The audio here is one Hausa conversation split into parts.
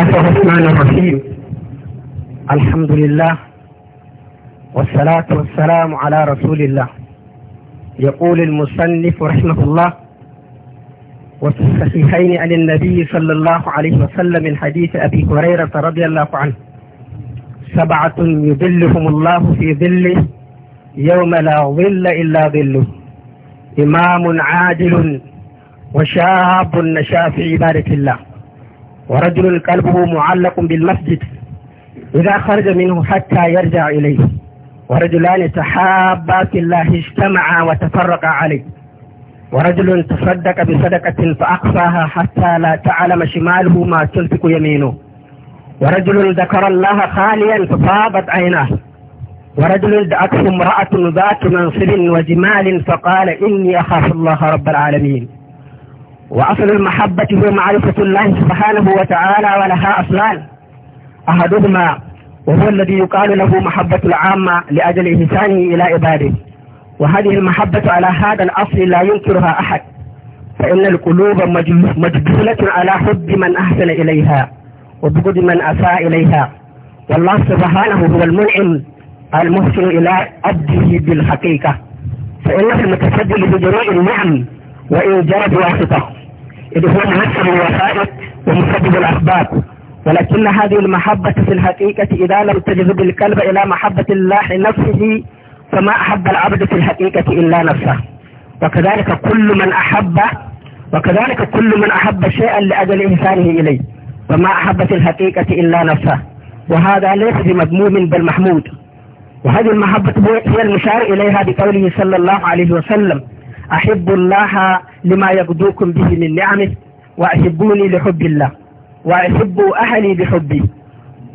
بسم الله الرحمن الرحيم الحمد لله والصلاة والسلام على رسول الله يقول المصنف رحمه الله وفي الصحيحين عن النبي صلى الله عليه وسلم من حديث أبي هريرة رضي الله عنه سبعة يظلهم الله في ظله يوم لا ظل إلا ظله إمام عادل وشاب نشا في عبادة الله ورجل قلبه معلق بالمسجد إذا خرج منه حتى يرجع إليه ورجلان تحابا في الله اجتمعا وتفرقا عليه ورجل تصدق بصدقة فأقصاها حتى لا تعلم شماله ما تنفق يمينه ورجل ذكر الله خاليا فصابت عيناه ورجل دعته امرأة ذات منصب وجمال فقال إني أخاف الله رب العالمين وأصل المحبة هو معرفة الله سبحانه وتعالى ولها أصلان أحدهما وهو الذي يقال له محبة العامة لأجل إحسانه إلى عباده وهذه المحبة على هذا الأصل لا ينكرها أحد فإن القلوب مجبولة على حب من أحسن إليها وبغض من أساء إليها والله سبحانه هو المنعم المحسن إلى عبده بالحقيقة فإنه المتسبب بجميع النعم وإن جرى واسطة الإخوان مكتب الوسائل ومكتب الأخبار ولكن هذه المحبة في الحقيقة إذا لم تجذب الكلب إلى محبة الله لنفسه فما أحب العبد في الحقيقة إلا نفسه وكذلك كل من أحب وكذلك كل من أحب شيئا لأجل إنسانه إليه فما أحب في الحقيقة إلا نفسه وهذا ليس بمذموم بل محمود وهذه المحبة هي المشار إليها بقوله صلى الله عليه وسلم أحب الله لما يبدوكم به من نعمه وأحبوني لحب الله وأحبوا أهلي بحبي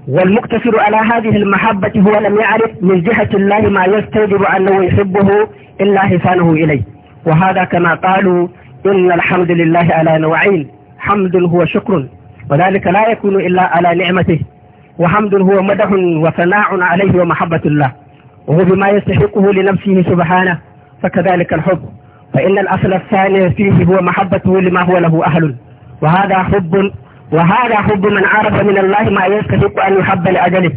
والمقتصر على هذه المحبة هو لم يعرف من جهة الله ما يستوجب أنه يحبه إلا حسانه إليه وهذا كما قالوا إن الحمد لله على نوعين حمد هو شكر وذلك لا يكون إلا على نعمته وحمد هو مدح وثناء عليه ومحبة الله وهو بما يستحقه لنفسه سبحانه فكذلك الحب فإن الأصل الثاني فيه هو محبته لما هو له أهل وهذا حب وهذا حب من عرف من الله ما يستحق أن يحب لأجله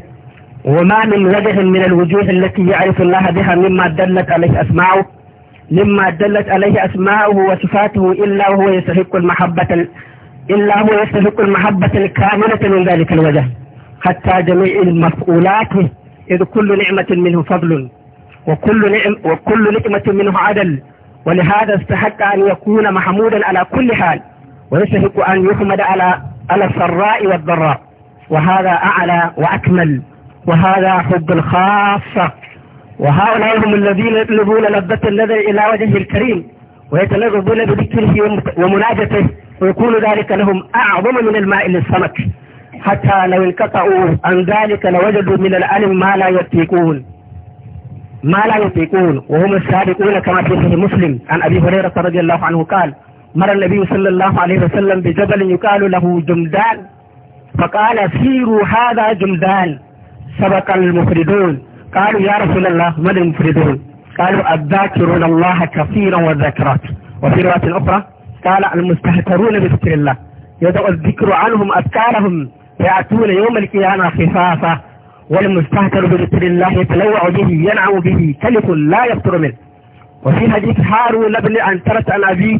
وما من وجه من الوجوه التي يعرف الله بها مما دلت عليه أسماؤه مما دلت عليه أسماؤه وصفاته إلا وهو يستحق المحبة إلا هو يستحق المحبة الكاملة من ذلك الوجه حتى جميع المفعولات إذ كل نعمة منه فضل وكل نعم وكل نعمة منه عدل ولهذا استحق أن يكون محمودا على كل حال ويستحق أن يحمد على على السراء والضراء وهذا أعلى وأكمل وهذا حب الخاصة وهؤلاء هم الذين يطلبون لذة النذر إلى وجهه الكريم ويتلذذون بذكره ومناجته ويكون ذلك لهم أعظم من الماء للسمك حتى لو انقطعوا عن ذلك لوجدوا من الألم ما لا يطيقون ما لا يطيقون وهم السابقون كما في صحيح مسلم عن أبي هريرة رضي الله عنه قال مر النبي صلى الله عليه وسلم بجبل يقال له جمدان فقال سيروا هذا جمدان سبق المفردون قالوا يا رسول الله من المفردون قالوا الذاكرون الله كثيرا والذاكرات وفي رواية أخرى قال المستهترون بذكر الله يدعو الذكر عنهم أذكارهم يأتون يوم القيامة خفافة والمستهتر بذكر الله يتلوع به ينعم به تلف لا يفتر منه وفي حديث هارون بن عنترة عن أبيه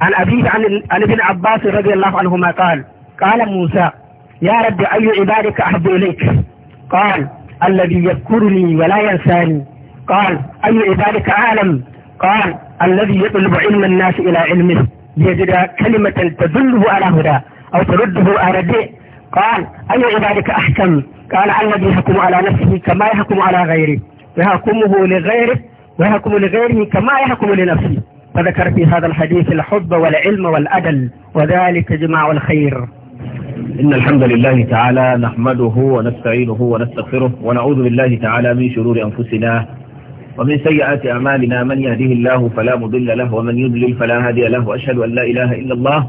عن أبيه عن, عن ابن عباس رضي الله عنهما قال قال موسى يا رب أي عبادك أحب إليك قال الذي يذكرني ولا ينساني قال أي عبادك أعلم قال الذي يطلب علم الناس إلى علمه ليجد كلمة تدله على هدى أو ترده على دين قال أي عبادك أحكم قال الذي يحكم على نفسه كما يحكم على غيره ويحكمه لغيره ويحكم لغيره كما يحكم لنفسه فذكر في هذا الحديث الحب والعلم والأدل وذلك جماع الخير إن الحمد لله تعالى نحمده ونستعينه ونستغفره ونعوذ بالله تعالى من شرور أنفسنا ومن سيئات أعمالنا من يهده الله فلا مضل له ومن يضلل فلا هادي له وأشهد أن لا إله إلا الله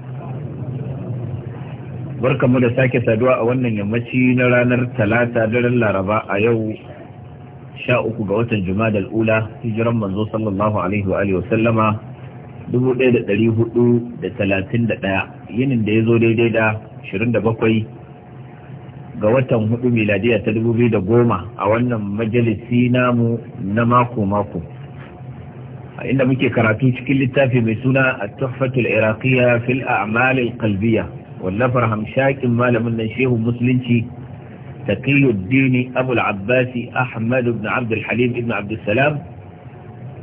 barkamu da sake saduwa a wannan yammaci na ranar talata daren laraba a yau sha uku ga watan jumada al'ula hijiran manzo sallallahu alaihi wa alihi dubu ɗaya da hudu da talatin da daya yinin da ya zo daidai da ashirin ga watan hudu miladiya ta dubu goma a wannan majalisi namu na mako mako a inda muke karatu cikin littafi mai suna a tuhfatul iraqiyya fil a'malil qalbiyya wallafar hamshakin malamin nan shehu musulunci taqiyuddin abul abbasi ahmad ibn abd alhalim ibn abd salam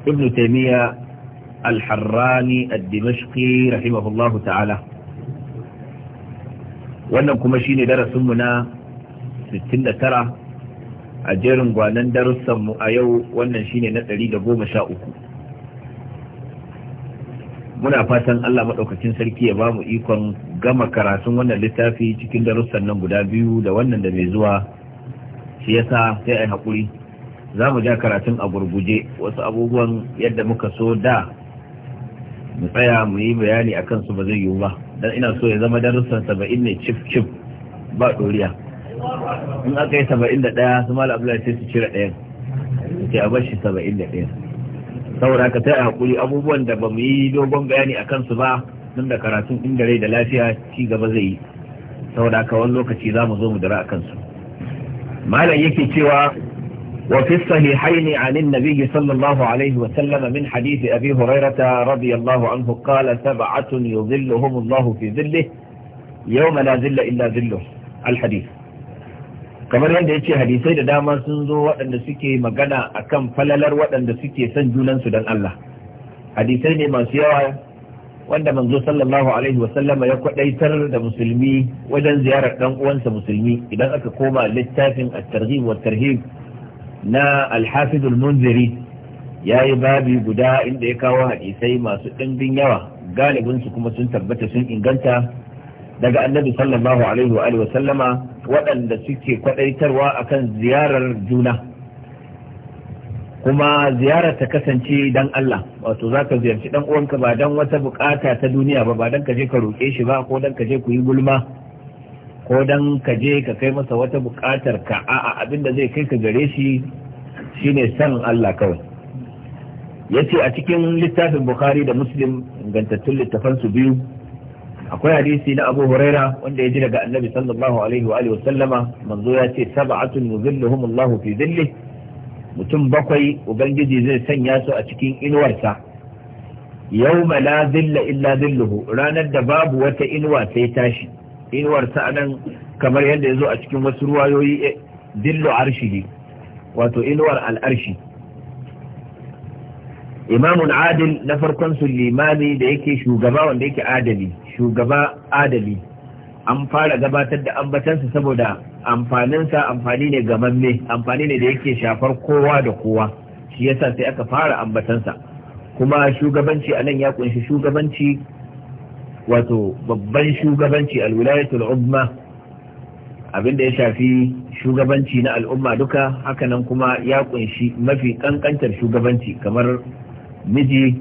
ibn taymiya al-harrani ad-dimashqi rahimahullahu ta'ala wannan kuma shine darasin mu na 69 a jerin gwanan darussan mu a yau wannan shine na 113 muna fatan Allah maɗaukacin sarki ya bamu ikon gama karatun wannan littafi cikin darussan nan guda biyu da wannan da mai zuwa shi yasa sai ai haƙuri za mu ja karatun a gurguje wasu abubuwan yadda muka so da mu tsaya mu yi bayani a kansu ba zai yiwu ba dan ina so ya zama darussan saba'in ne cif cif ba ɗoriya in aka yi saba'in da ɗaya su malam abdullahi sai su cire ɗayan sai a bar shi saba'in da ɗaya saboda ka ta hakuri abubuwan da ba mu yi dogon bayani a kansu ba nan da karatun inda rai da lafiya ci gaba zai yi saboda ka wani lokaci za mu zo mu dira a kansu malam yake cewa wa fi sahihain an annabi sallallahu alaihi wa sallam min hadith abi hurairah radiyallahu anhu qala sab'atun yudhilluhum Allah fi dhillihi yawma la dhilla illa dhilluh al hadith kamar yadda ya ce hadisai da dama sun zo waɗanda suke magana a kan falalar waɗanda suke son junansu don Allah hadisai ne masu yawa wanda manzo sallallahu alaihi wasallama ya kwadaitar da musulmi wajen ziyarar dan uwansa musulmi idan aka koma littafin at-targhib wa tarhib na al-hafiz al-munziri yayi babi guda inda ya kawo hadisai masu dimbin yawa galibin su kuma sun tabbata sun inganta daga annabi sallallahu alaihi wa alihi wasallama waɗanda suke a akan ziyarar juna kuma ziyarar ta kasance dan Allah wato za ka ziyarci dan uwanka ba dan wata bukata ta duniya ba ba dan ka je ka roƙe shi ba ko dan ka je ku yi gulma ko dan ka je ka kai masa wata bukatar ka a'a abinda zai kai ka gare shi shine san Allah kawai yace a cikin littafin Bukhari da Muslim ingantattun littafan su biyu akwai hadisi na Abu Huraira wanda ya ji daga Annabi sallallahu alaihi wa sallama. manzo ya ce sab'atun yuzilluhum Allahu fi dhilli mutum bakwai ubangiji zai sanya su a cikin inuwarsa yawma la dhilla illa dhilluhu ranar da babu wata inuwa sai tashi inuwarsa anan kamar yadda ya zo a cikin wasu ruwayoyi dillu arshi. wato inuwar al'arshi imamun adil na farkon su limami da yake shugaba wanda yake adali shugaba adali an fara gabatar da ambatansa saboda amfaninsa amfani ne gamamme amfani ne da yake shafar kowa da kowa shi yasa sai aka fara ambatansa kuma shugabanci a nan ya kunshi shugabanci wato babban shugabanci alwilayatul umma abinda ya shafi shugabanci na al'umma duka hakanan kuma ya kunshi mafi kankantar shugabanci kamar miji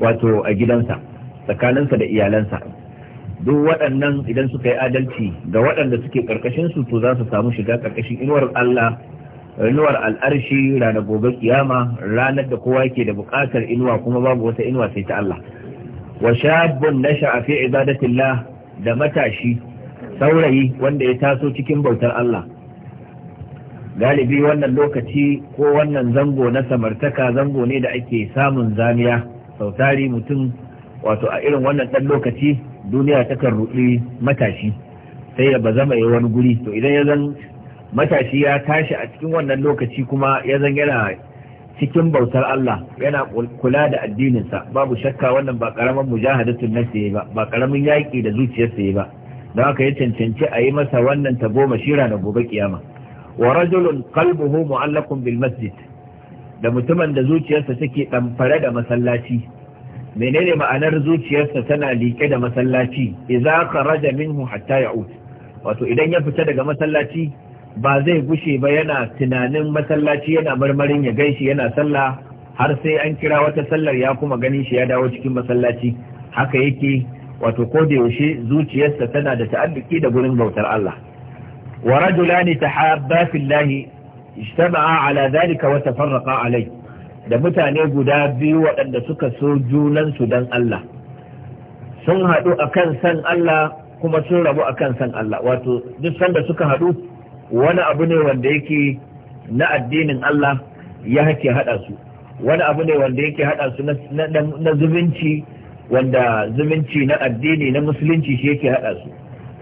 wato a gidansa tsakaninsa da iyalansa duk waɗannan idan suka yi adalci ga waɗanda suke ƙarƙashin su to za su samu shiga ƙarƙashin inuwar Allah inuwar al'arshi ranar gobe kiyama ranar da kowa yake da buƙatar inuwa kuma babu wata inuwa sai ta Allah wa shabun nasha'a fi ibadatillah da matashi saurayi wanda ya taso cikin bautar Allah galibi wannan lokaci ko wannan zango na samartaka zango ne da ake samun zamiya sautari mutum wato a irin wannan ɗan lokaci duniya ta kan ruɗi matashi sai ya ba zama ya wani guri to idan ya zan matashi ya tashi a cikin wannan lokaci kuma ya zan yana cikin bautar Allah yana kula da addininsa babu shakka wannan ba karamin mujahadatun nafsi ba ba karamin yaƙi da zuciyarsa ba don haka ya cancanci a yi masa wannan tagoma shira na gobe kiyama wa rajulun qalbuhu mu'allaqun bil masjid da mutumin da zuciyarsa take ɗamfare da masallaci menene ma'anar zuciyarsa tana liƙe da masallaci idza kharaja minhu hatta ya'ud wato idan ya fita daga masallaci ba zai gushe ba yana tunanin masallaci yana marmarin ya gaishe yana sallah har sai an kira wata sallar ya kuma ganin shi ya dawo cikin masallaci haka yake wato ko da yaushe zuciyarsa tana da ta'alluki da gurin bautar Allah ورجلان تحابا في الله اجتمعا على ذلك وتفرقا عليه da mutane guda biyu waɗanda suka so junansu don Allah sun haɗu a kan san Allah kuma sun rabu a kan san Allah wato duk sanda suka haɗu wani abu ne wanda yake na addinin Allah ya hake haɗa su wani abu ne wanda yake haɗa su na zumunci wanda zumunci na addini na musulunci shi yake haɗa su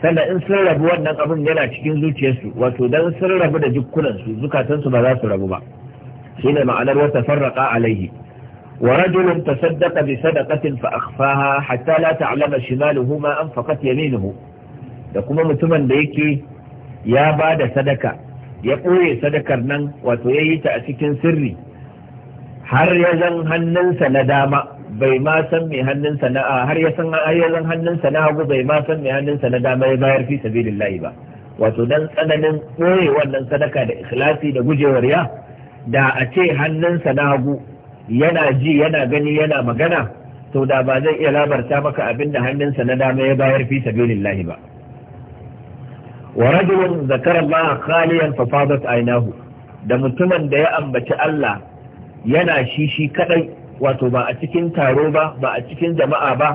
sannan in sun rabu wannan abin yana cikin zuciyarsu wato dan sun rabu da jikunansu, zukatansu ba za su rabu ba ne ma'anar wata farraqa alaihi wa rajulun tasaddaqa bi sadaqatin fa akhfaha hatta la ta'lama shimaluhu ma anfaqat yaminuhu da kuma mutumin da yake ya ba da sadaka ya ɓoye sadakar nan wato ya yi ta a cikin sirri har ya zan hannunsa na dama bai ma san mai hannun sana'a har ya san ayyazan hannun sana'a ko bai ma san mai hannun sana dama ya bayar fi sabilillahi ba wato dan tsananin ɓoye wannan sadaka da ikhlasi da gujewar ya da a ce hannun sana'a yana ji yana gani yana magana to da ba zai iya labarta maka abin da hannunsa na dama ya bayar fi sabilillahi ba wa rajulun zakara Allah khaliyan fa fadat da mutumin da ya ambaci Allah yana shi shi kadai wato ba a cikin taro ba ba a cikin jama'a ba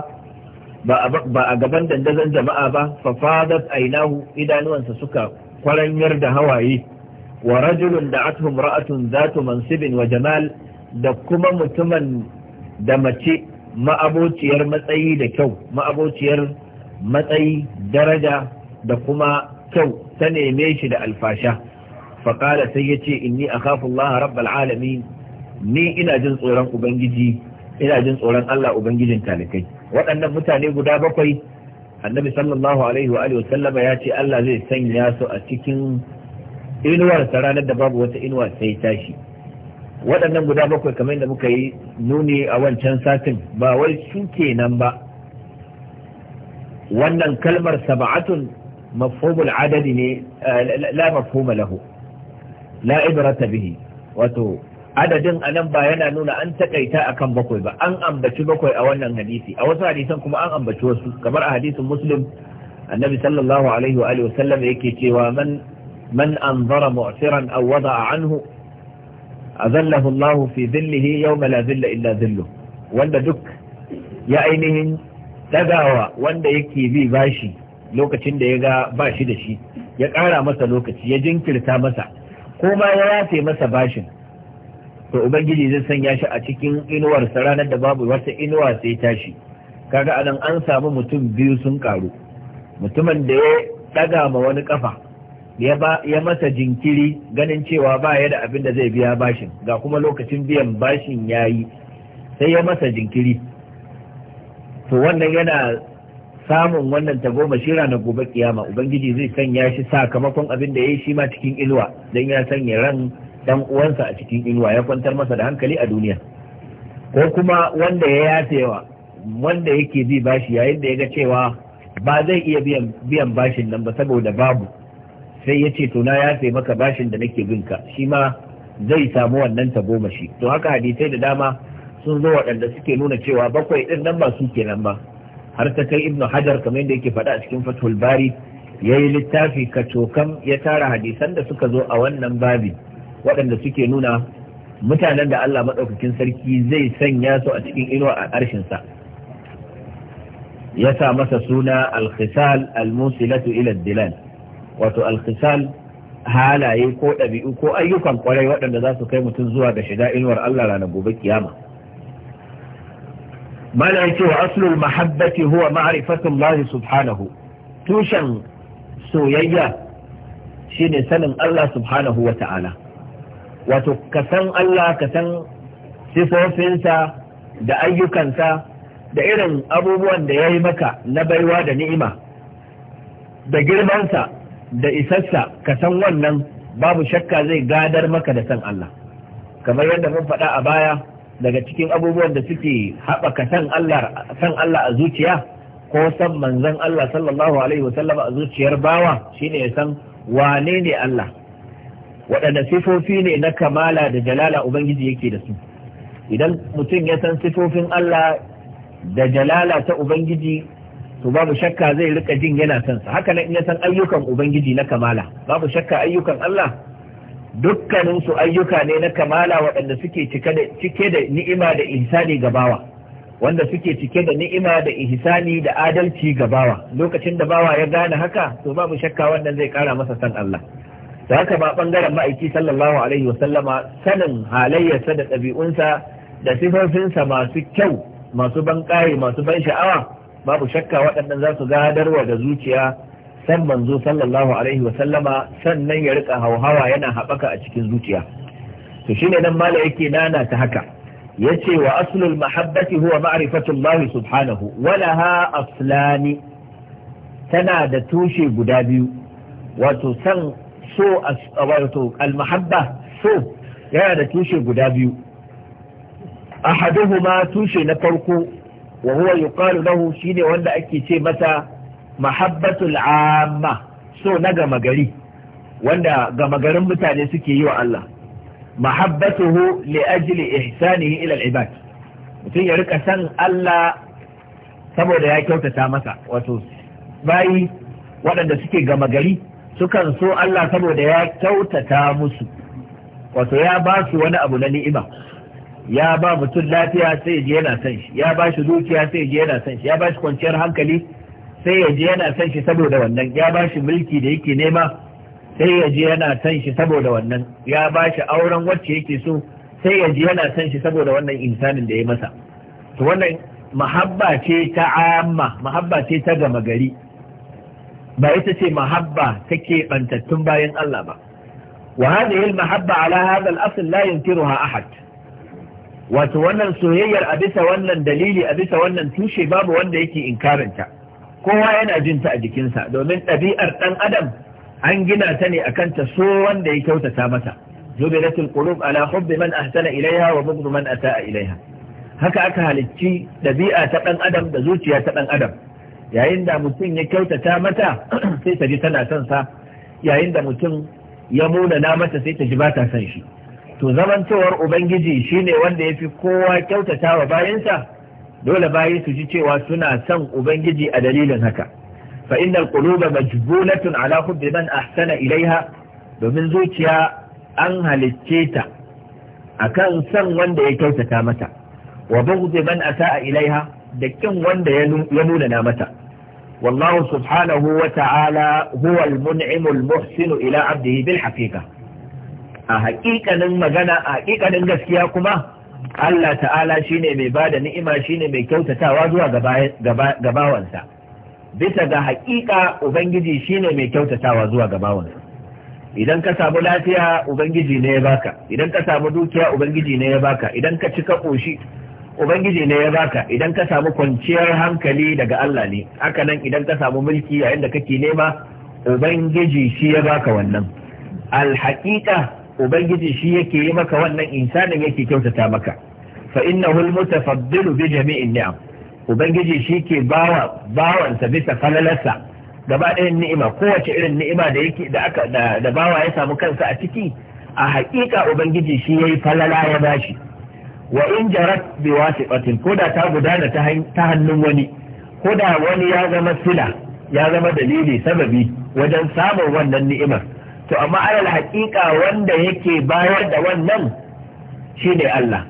ba a gaban dandazon jama'a ba fa fadat ainahu idanuwansa suka kwaranyar da hawaye wa rajulun da athum ra'atun zatu mansibin wa jamal da kuma mutumin da mace ma'abociyar matsayi da kyau ma'abociyar matsayi daraja da kuma kyau ta neme shi da alfasha faqala sai yace inni a Allah rabbal alamin ni ina jin tsoron ubangiji ina jin tsoron Allah ubangijin talikai waɗannan mutane guda bakwai annabi sallallahu alaihi wa sallama ya ce Allah zai sanya su a cikin inuwar ranar da babu wata inuwa sai tashi waɗannan guda bakwai kamar da muka yi nuni a wancan satin ba wai su kenan ba wannan kalmar sab'atun mafhumul adadi ne eh, la mafhuma lahu la ibrata bihi wato adadin a nan ba yana nuna an takaita akan bakwai ba an ambaci bakwai a wannan hadisi a wasu hadisan kuma an ambaci wasu kamar a hadisin muslim annabi sallallahu alaihi wa alihi wasallam yake cewa man man anzara mu'siran aw wada'a anhu azallahu Allah fi dhillihi yawma la dhilla illa dhilluh wanda duk ya ainihin dagawa wanda yake bi bashi lokacin da ya ga bashi da shi ya ƙara masa lokaci ya jinkirta masa ko ma ya yafe masa bashin to ubangiji zai sanya shi a cikin inuwarsa ranar da babu wata inuwa sai tashi kaga anan an samu mutum biyu sun karu mutumin da ya daga ma wani kafa ya masa jinkiri ganin cewa ba ya da abin da zai biya bashin ga kuma lokacin biyan bashin ya yi sai ya masa jinkiri to wannan yana samun wannan goma shi na gobe kiyama ubangiji zai sanya shi sakamakon abin da ya yi shi ma cikin inuwa don ya sanya ran dan uwansa a cikin inuwa ya kwantar masa da hankali a duniya ko kuma wanda ya yatewa wanda yake bi bashi yayin da ya ga cewa ba zai iya biyan bashin nan ba saboda babu sai yace ce to na yafe maka bashin da nake bin ka shi ma zai samu wannan tagomashi to haka hadisai da dama sun zo waɗanda suke nuna cewa bakwai ɗin nan ba su kenan ba har ta kai ibnu hajar kamar yadda yake faɗa a cikin fathul bari ya yi littafi kacokan ya tara hadisan da suka zo a wannan babi waɗanda suke nuna mutanen da Allah maɗaukakin sarki zai sanya su a cikin inuwa a ƙarshensa ya sa masa suna alkhisal almusilatu ila dilan wato alkhisal halaye ko ɗabi'u ko ayyukan kwarai waɗanda za su kai mutum zuwa ga shiga inuwar Allah ranar gobe kiyama mana cewa ce wa aslul mahabbati huwa ma'rifatul lahi subhanahu tushen soyayya shine sanin Allah subhanahu wa ta'ala wato ka san Allah ka san sifofinsa da ayyukansa da irin abubuwan da ya yi maka na baiwa da ni'ima da girmansa da isassa ka san wannan babu shakka zai gadar maka da san Allah kamar yadda mun faɗa a baya daga cikin abubuwan da suke haɓaka san Allah a zuciya ko san manzan Allah sallallahu alaihi wasallam a zuciyar bawa shine ya san wane ne Allah waɗanda sifofi ne na kamala da jalala ubangiji yake da su idan mutum ya san sifofin Allah da jalala ta ubangiji to babu shakka zai rika jin yana son sa haka nan in ya san ayyukan ubangiji na kamala babu shakka ayyukan Allah dukkanin su ayyuka ne na kamala waɗanda suke cike da cike da ni'ima da ihsani ga bawa wanda suke cike da ni'ima da ihsani da adalci ga bawa lokacin da bawa ya gane haka to babu shakka wannan zai kara masa san Allah da haka ba ɓangaren ma'aiki sallallahu alaihi wasallama sanin halayyarsa da ɗabi'unsa da sifofinsa masu kyau masu ban ƙaye masu ban sha'awa babu shakka waɗannan za su gadarwa da zuciya san manzo sallallahu alaihi wasallama sannan ya rika hauhawa yana haɓaka a cikin zuciya to shine nan mala yake nana ta haka yace wa aslul mahabbati huwa ma'rifatu Allah subhanahu walaha aslani tana da tushe guda biyu wato san so a wato almahabba so yana da tushe guda biyu ahaduhuma tushe na farko wa huwa yuqalu lahu shine wanda ake ce masa mahabbatul amma so na gama gari wanda gama garin mutane suke yi wa Allah mahabbatuhu li ajli ihsanihi ila al-ibad mutum ya rika san Allah saboda ya kyautata masa wato bayi waɗanda suke gama gari sukan so Allah saboda ya kyautata musu wato ya ba su wani abu na ni'ima ya ba mutum lafiya sai je yana san shi ya ba shi dukiya sai je yana san shi ya ba shi kwanciyar hankali sai ya je yana san shi saboda wannan ya ba shi mulki da yake nema sai ya je yana san shi saboda wannan ya ba shi auren wacce yake so sai ya je yana san shi saboda wannan insanin da ya masa to wannan mahabba ce ta amma mahabba ce ta gama gari ba ita ce mahabba take bantattun bayan Allah ba wa hadhihi mahabba ala hadha al-asl la yunkiruha ahad wato wannan soyayyar a bisa wannan dalili a bisa wannan tushe babu wanda yake inkarinta kowa yana jin ta a jikinsa domin ɗabi'ar ɗan adam an gina ta ne akan ta so wanda ya kyautata mata jubilatul qulub ala hubbi man ahsana ilaiha wa bughd man ataa ilaiha haka aka halicci ɗabi'a ta ɗan adam da zuciya ta ɗan adam yayin da mutum ya kyautata mata sai ta ji tana son sa yayin da mutum ya muna na mata sai ta ji ba ta son shi to zamantowar ubangiji shine wanda ya fi kowa kyautata wa bayansa dole bayi su ji cewa suna son ubangiji a dalilin haka fa innal quluba majbulatun ala hubbi man ahsana ilaiha domin zuciya an halicce ta akan son wanda ya kyautata mata wa bughdi man asaa ilaiha da kin wanda ya nuna mata والله سبحانه وتعالى هو المنعم المحسن إلى عبده بالحقيقة أحقيقة مغنى أحقيقة gaskiya kuma Allah ta'ala shine mai ba ni'ima shine mai kyautatawa zuwa gabawansa bisa ga haƙiƙa ubangiji shine mai zuwa gabawansa idan ka samu lafiya ubangiji ne ya baka idan ka samu dukiya ubangiji ne ya baka idan ka cika ƙoshi ubangiji ne ya baka idan ka samu kwanciyar hankali daga Allah ne haka nan idan ka samu mulki yayin da kake nema ubangiji shi ya baka wannan Alhaƙiƙa ubangiji shi yake yi maka wannan insanin yake kyautata maka fa innahu almutafaddilu bi jami'in ni'am ubangiji shi ke bawa bawansa bisa falalarsa gaba ɗayan ni'ima kowace irin ni'ima da yake da aka da bawa ya samu kansa a ciki a haƙiƙa ubangiji shi yayi falala ya bashi wa in jarat bi wasiqatin ko da ta gudana ta hannun wani ko da wani ya zama sila ya zama dalili sababi wajen samun wannan ni'imar to amma alal haƙiƙa wanda yake bayar da wannan shine Allah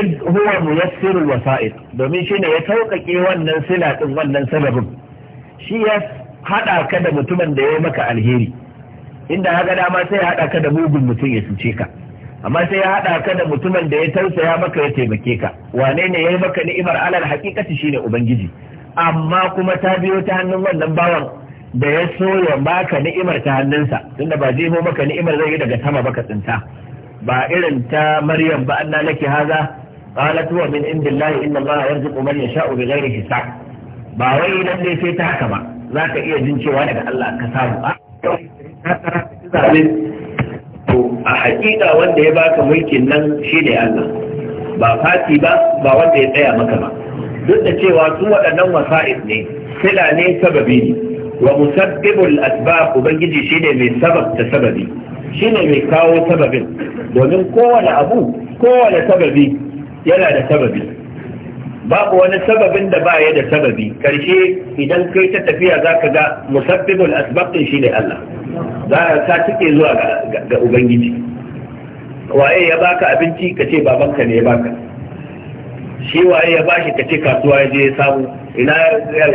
id huwa muyassirul wasa'iq domin shine ya sauƙaƙe wannan sila din wannan sababin shi ya hada ka da mutumin da ya maka alheri inda haka dama sai ya hada ka da mugun mutum ya cuce ka amma sai ya haɗa ka da mutumin da ya tausaya maka ya taimake ka wane ne ya yi maka ni'imar alal hakikati shine ubangiji amma kuma ta biyo ta hannun wannan bawan da ya so ya baka ni'imar ta hannunsa tunda ba jebo maka ni'imar zai yi daga sama baka tsinta ba irin ta maryam ba anna laki haza qalat wa min indillahi inna allaha yarzuqu man yasha'u bighairi hisab ba wai nan ne sai ta haka ba zaka iya jin cewa daga Allah ka samu a to a hakika wanda ya baka mulkin nan ne Allah ba fati ba ba wanda ya tsaya maka ba duk da cewa su waɗannan wasa'id ne sila ne sababi ne wa musabbibul asbab ubangiji shine mai sabab da sababi shine mai kawo sababin domin kowane abu kowane sababi yana da sababi babu wani sababin da ba ya da sababi karshe idan kai ta tafiya za ka ga musabbibul asbabin shi ne Allah za ka cike zuwa ga ubangiji waye ya baka abinci ka ce babanka ne ya baka shi waye ya bashi ka ce kasuwa ya je ya samu ina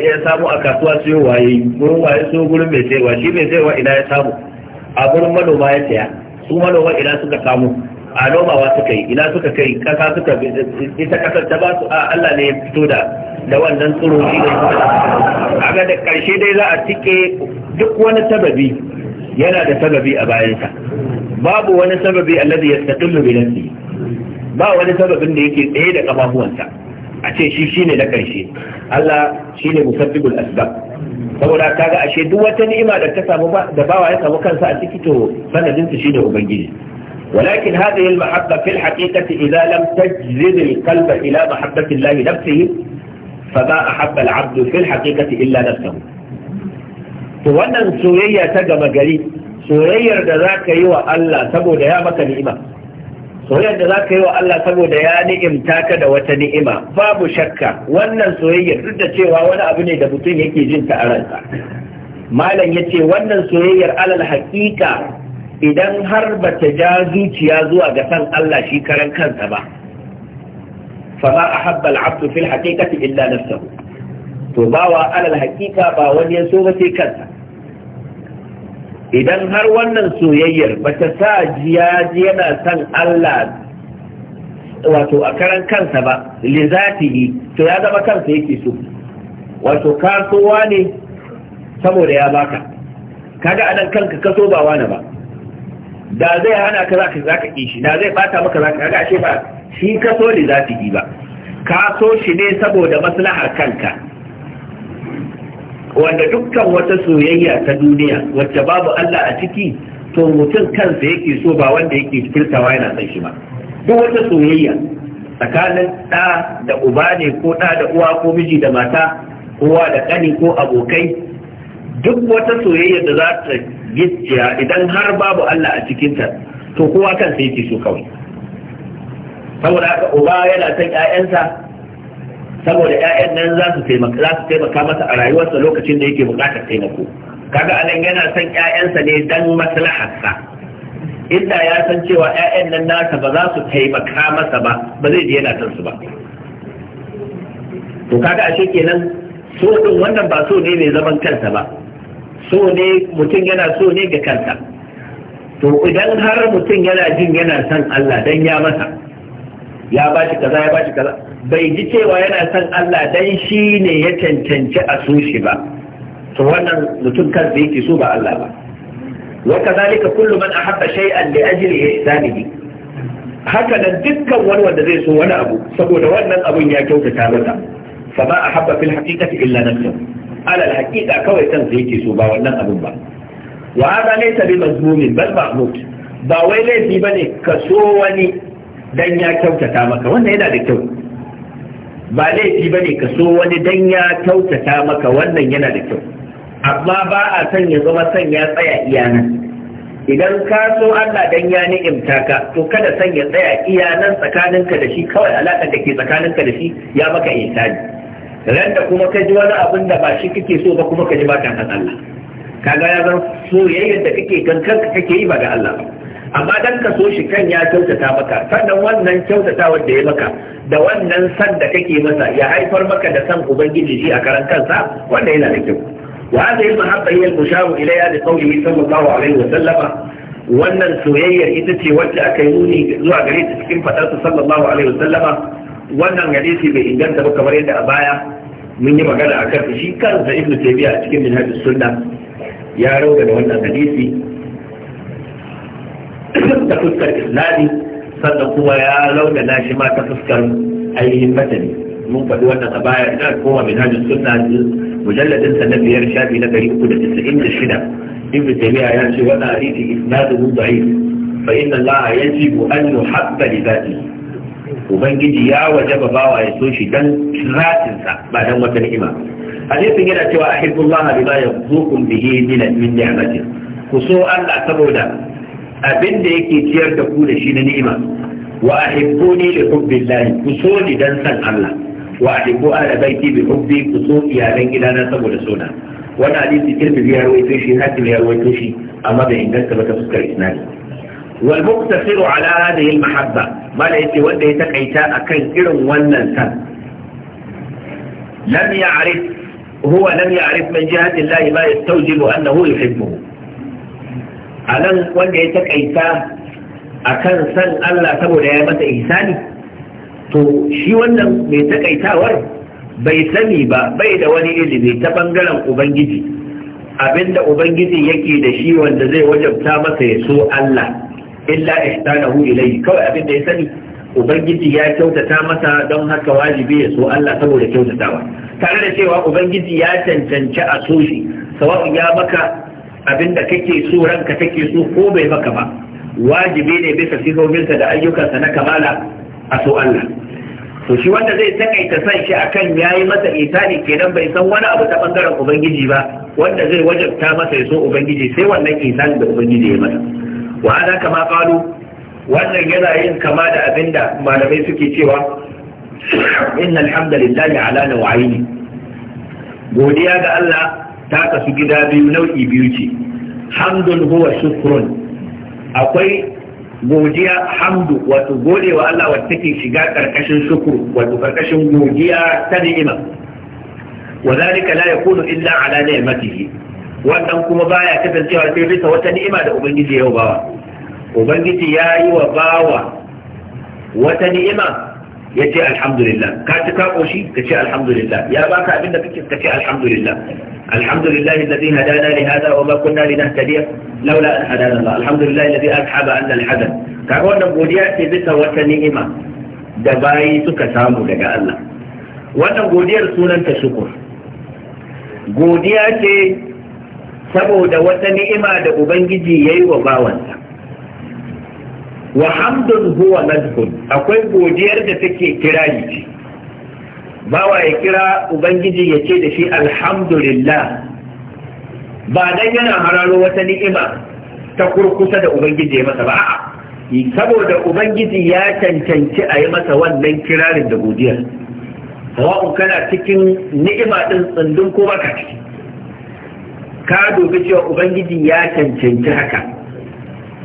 ya samu a kasuwa siyo waye gurin waye so gurin mai sayarwa shi mai sayarwa ina ya samu a gurin manoma ya saya su manoma ina suka samu a nomawa suka yi ina suka kai kasa suka ita kasar ta ba su a Allah ne ya fito da da wannan tsoro shi ne ga da karshe dai za a tike duk wani sababi yana da sababi a bayansa babu wani sababi alladhi yastaqillu bi nafsihi ba wani sababin da yake tsaye da kafafuwansa a ce shi shine na karshe Allah shine musabbibul asbab saboda kaga ashe duk wata ni'ima da ta samu da bawa ya samu kansa a ciki to sanadin shi shine ubangiji ولكن هذه المحبة في الحقيقة إذا لم تجذب القلب إلى محبة الله نفسه فما أحب العبد في الحقيقة إلا نفسه wannan soyayya ta gama gari soyayyar da za ka yi wa Allah saboda ya maka ni'ima soyayyar da za ka wa Allah saboda ya ni'imta ka da wata ni'ima babu shakka wannan soyayya duk da cewa wani abu ne da mutum yake jin ta a ransa malam wannan soyayyar alal haƙiƙa idan har ba ta ja zuciya zuwa ga san Allah shi karan kansa ba fa ma ahabba al-abdu fil haqiqati illa nafsuhu to bawa alal haqiqa ba wani ya so ba sai kansa idan har wannan soyayyar ba ta sa jiya yana san Allah wato a karan kansa ba li zatihi to ya zama kansa yake so wato kasuwa ne saboda ya baka kaga anan kanka ka so ba wani ba da zai hana ka zaka za ka shi da zai bata maka za ka ga ashe ba shi ka so ne za yi ba ka so shi ne saboda maslahar kanka wanda dukkan wata soyayya ta duniya wacce babu Allah a ciki to mutum kansa yake so ba wanda yake kirtawa yana son shi ba duk wata soyayya tsakanin ɗa da uba ne ko ɗa da uwa ko miji da mata kowa da ƙani ko abokai duk wata soyayya da za ta gicciya idan har babu Allah a cikinta to kowa kan sai yake so kawai saboda haka uba yana son ƴaƴansa saboda ƴaƴan nan za su taimaka za su taimaka masa a rayuwarsa lokacin da yake buƙatar taimako kaga anan yana son ƴaƴansa ne dan maslaharsa inda ya san cewa ƴaƴan nan nasa ba za su taimaka masa ba ba zai je yana son su ba to kaga ashe kenan so din wannan ba so ne mai zaman kansa ba so ne mutum yana so ne ga kanta. to idan har mutum yana jin yana son Allah dan ya masa ya ba shi kaza ya ba shi kaza bai ji cewa yana son Allah dan shi ne ya cancanci a so shi ba to wannan mutum kansa yake so ba Allah ba wa kazalika kullu man ahabba shay'an li ajli ihsanihi haka nan dukkan wani wanda zai so wani abu saboda wannan abun ya kyautata masa fa ma ahabba fil haqiqati illa nafsuhu alal haqiqa kawai kansa yake so ba wannan abin ba wa hada laysa bi mazmumin bal mahmud ba wai laifi bane ka wani dan ya kyautata maka wannan yana da kyau ba laifi bane ka wani dan ya kyautata maka wannan yana da kyau amma ba a san ya zama san ya tsaya iyana. idan ka so Allah dan ya ni'imta ka to kada san ya tsaya iyana tsakaninka da shi kawai alaƙar da ke tsakaninka da shi ya maka ihsani ran kuma ka ji wani abin da ba shi kake so ba kuma ka ji ba kan Allah kaga ya zan soyayyar da kake kan kanka kake yi ba da Allah amma dan ka so shi kan ya kyautata maka sannan wannan kyautata da ya maka da wannan san da kake masa ya haifar maka da san ubangiji shi a karan kansa wanda yana da kyau wa hadhihi al-mahabba hiya al-musharu ilayha li qawlihi sallallahu alaihi wa sallama wannan soyayyar ita ce wacce aka yi nuni zuwa gare ta cikin fadar sallallahu alaihi wa sallama wannan hadisi bai inganta ba kamar yadda a baya mun yi magana akan shi kansa ibn taymiya a cikin minhajus sunna ya rauda da wannan hadisi ta fuskar islami sannan kuma ya rauda da shi ma ta fuskar ainihin matani mun faɗi wannan a baya ina koma minhajus sunna mujalladin sa na biyar shafi na ɗari uku da tisa'in da shida ibn taymiya ya ce wannan hadisi isnadu da'if fa inna allaha yajibu an yuhabba li dhatihi ubangiji ya wajaba bawa ya so shi dan ratinsa ba dan wata ni'ima hadisin yana cewa ahibbullaha bima yazukum bihi min min ni'mati ku so Allah saboda abin da yake ciyar da ku da shi na ni'ima wa ahibbuni li hubbillahi ku so ni dan san Allah wa ahibbu ala baiti bi hubbi ku so iyalan gidana saboda sona wannan hadisi tirmidhi ya rawaito shi hakim ya rawaito shi amma bai inganta ba ta fuskar isnadi wal muqtasiru ala hadhihi al mahabba mala wanda ya takaita akan irin wannan san lam ya'rif huwa lam ya'rif min jihati Allah ma yastawjibu annahu yuhibbuhu anan wanda ya takaita akan san Allah saboda ya masa ihsani to shi wannan mai takaitawar bai sani ba bai da wani ilimi ta bangaren ubangiji abinda ubangiji yake da shi wanda zai wajabta masa ya so Allah illa ihsanahu ilayhi kawai abin da ya sani ubangiji ya kyautata masa don haka wajibi ya so Allah saboda kyautatawa tare da cewa ubangiji ya cancanci a so shi ya maka abin da kake so ranka take so ko bai maka ba wajibi ne bisa sifofinsa da ayyukansa na kamala a so Allah to shi wanda zai takaita san shi akan yayi masa itani kenan bai san wani abu ta bangaren ubangiji ba wanda zai wajabta masa ya so ubangiji sai wannan isani da ubangiji ya masa wa ana kama qalu wannan yana yin kama da abinda malamai suke cewa inna alhamdulillah alhamdulillahi ala nau'aini godiya ga Allah ta kasu gida biyu nau'i biyu ce hamdun huwa shukrun akwai godiya hamdu wato gode wa Allah wacce take shiga karkashin shukru wato karkashin godiya ta ni'ima wa zalika la yakunu illa ala ni'matihi wannan kuma baya kasancewa sai bisa wata ni'ima da ubangiji yau bawa ubangiji ya yi wa bawa wata ni'ima ya ce alhamdulillah ka ci ka koshi ka ce alhamdulillah ya baka abin da kake ka ce alhamdulillah alhamdulillah alladhi hadana li hadha wa ma kunna linahtadiya laula an hadana Allah alhamdulillah alladhi ashaba anna alhadan kaga wannan godiya ce bisa wata ni'ima da bayi suka samu daga Allah wannan godiyar sunanta shukur godiya ce saboda wata ni'ima da ubangiji yayi wa bawansa wa hamdun huwa madhun akwai godiyar da take kirari ce bawa ya kira ubangiji ya ce da shi alhamdulillah ba dan yana hararo wata ni'ima ta kurkusa da ubangiji ya masa ba a'a saboda ubangiji ya cancanci a yi masa wannan kirarin da godiyar wa'u kana cikin ni'ima din tsundun ko baka ciki ka dubi cewa ubangiji ya cancanci haka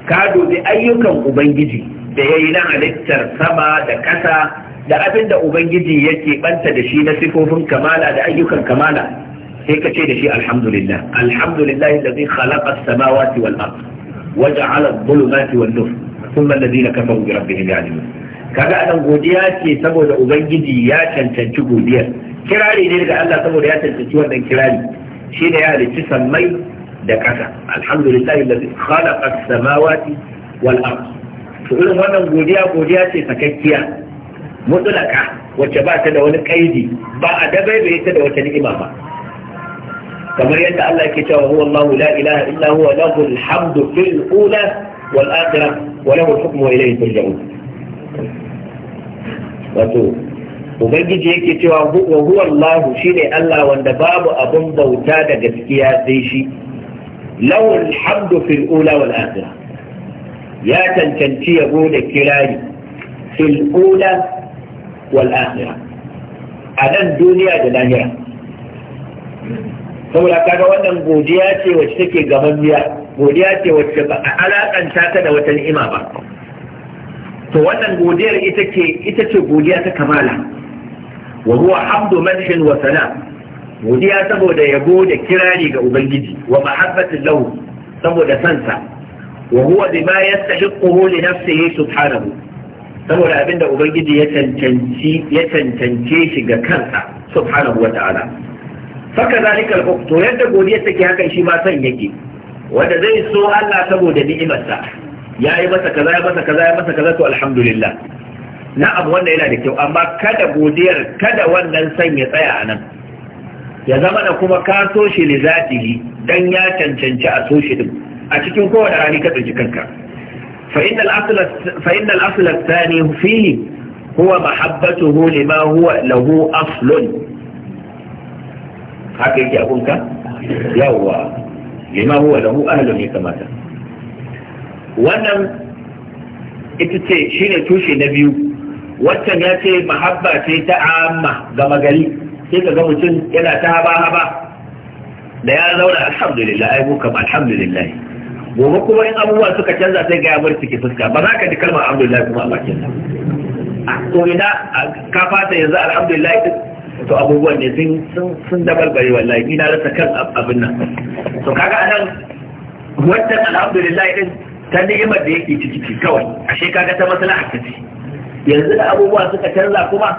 ka dubi ayyukan ubangiji da ya yi na halittar sama da ƙasa da abin da ubangiji yake banta da shi na sifofin kamala da ayyukan kamala sai ka ce da shi alhamdulillah alhamdulillah da zai khalaqa samawati wal ard waja'ala adh-dhulumati wan nur thumma alladhina kafaru bi rabbihim ya'lamun kaga anan godiya ce saboda ubangiji ya cancanci godiyar kirari ne daga Allah saboda ya cancanci wannan kirari shi ne ya halicci sammai da ƙasa alhamdulillahi da khalaqa as-samawati wal ard to irin wannan godiya godiya ce sakakkiya mutlaka wacce ba ta da wani kaidi ba a dabaibaye ta da wata ni'ima ba kamar yadda Allah yake cewa huwa Allahu la ilaha illa huwa lahu alhamdu fil ula wal akhirah wa lahu al-hukmu wa ilayhi turja'un wato ubangiji yake cewa wa huwa Allah shine Allah wanda babu abun bauta da gaskiya sai shi lahu Hamdu fil ula wal akhirah ya cancanci yabo da kirari fil ula wal akhirah a nan duniya da lahira saboda kaga wannan godiya ce wacce take gaban biya godiya ce wacce ba a alakanta ta da wata ni'ima ba to wannan godiyar ita ce ita ce godiya ta kamala wa huwa hamdu madhin wa salam godiya saboda yabo da kirari ga ubangiji wa mahabbatin lahu saboda sansa wa huwa bima yastahiquhu li nafsihi subhanahu saboda abinda ubangiji ya cancanci ya cancance shi ga kansa subhanahu wata'ala faka zalika al to yadda godiya take haka shi ma san yake wanda zai so Allah saboda ni'imarsa ya yi masa kaza ya masa kaza ya masa kaza to alhamdulillah na abu wanda yana da kyau amma kada godiyar kada wannan san ya tsaya a nan ya zama da kuma ka so shi li zatihi dan ya cancanci a so shi din a cikin kowane rani ka tsinci kanka fa inna al-asl al-thani fihi huwa mahabbatuhu lima huwa lahu aslun haka yake abunka yawwa lima huwa lahu ahlun ya kamata wannan ita ce shine tushe na biyu waccan ya ce mahabba ce ta amma gama gari sai ka ga mutum yana ta haba haba da ya zauna alhamdulillah ai mu kam alhamdulillah gobe kuma in abubuwa suka canza sai ga ya bar ciki fuska ba za ka ji kalmar alhamdulillah kuma a bakin nan to ina ka fata yanzu alhamdulillah to abubuwan ne sun dabarbare wallahi ni na rasa kan abin nan to kaga anan wannan alhamdulillah din ta ni'imar da yake ciki kawai ashe kaga ta maslaha ta ce yanzu da abubuwa suka canza kuma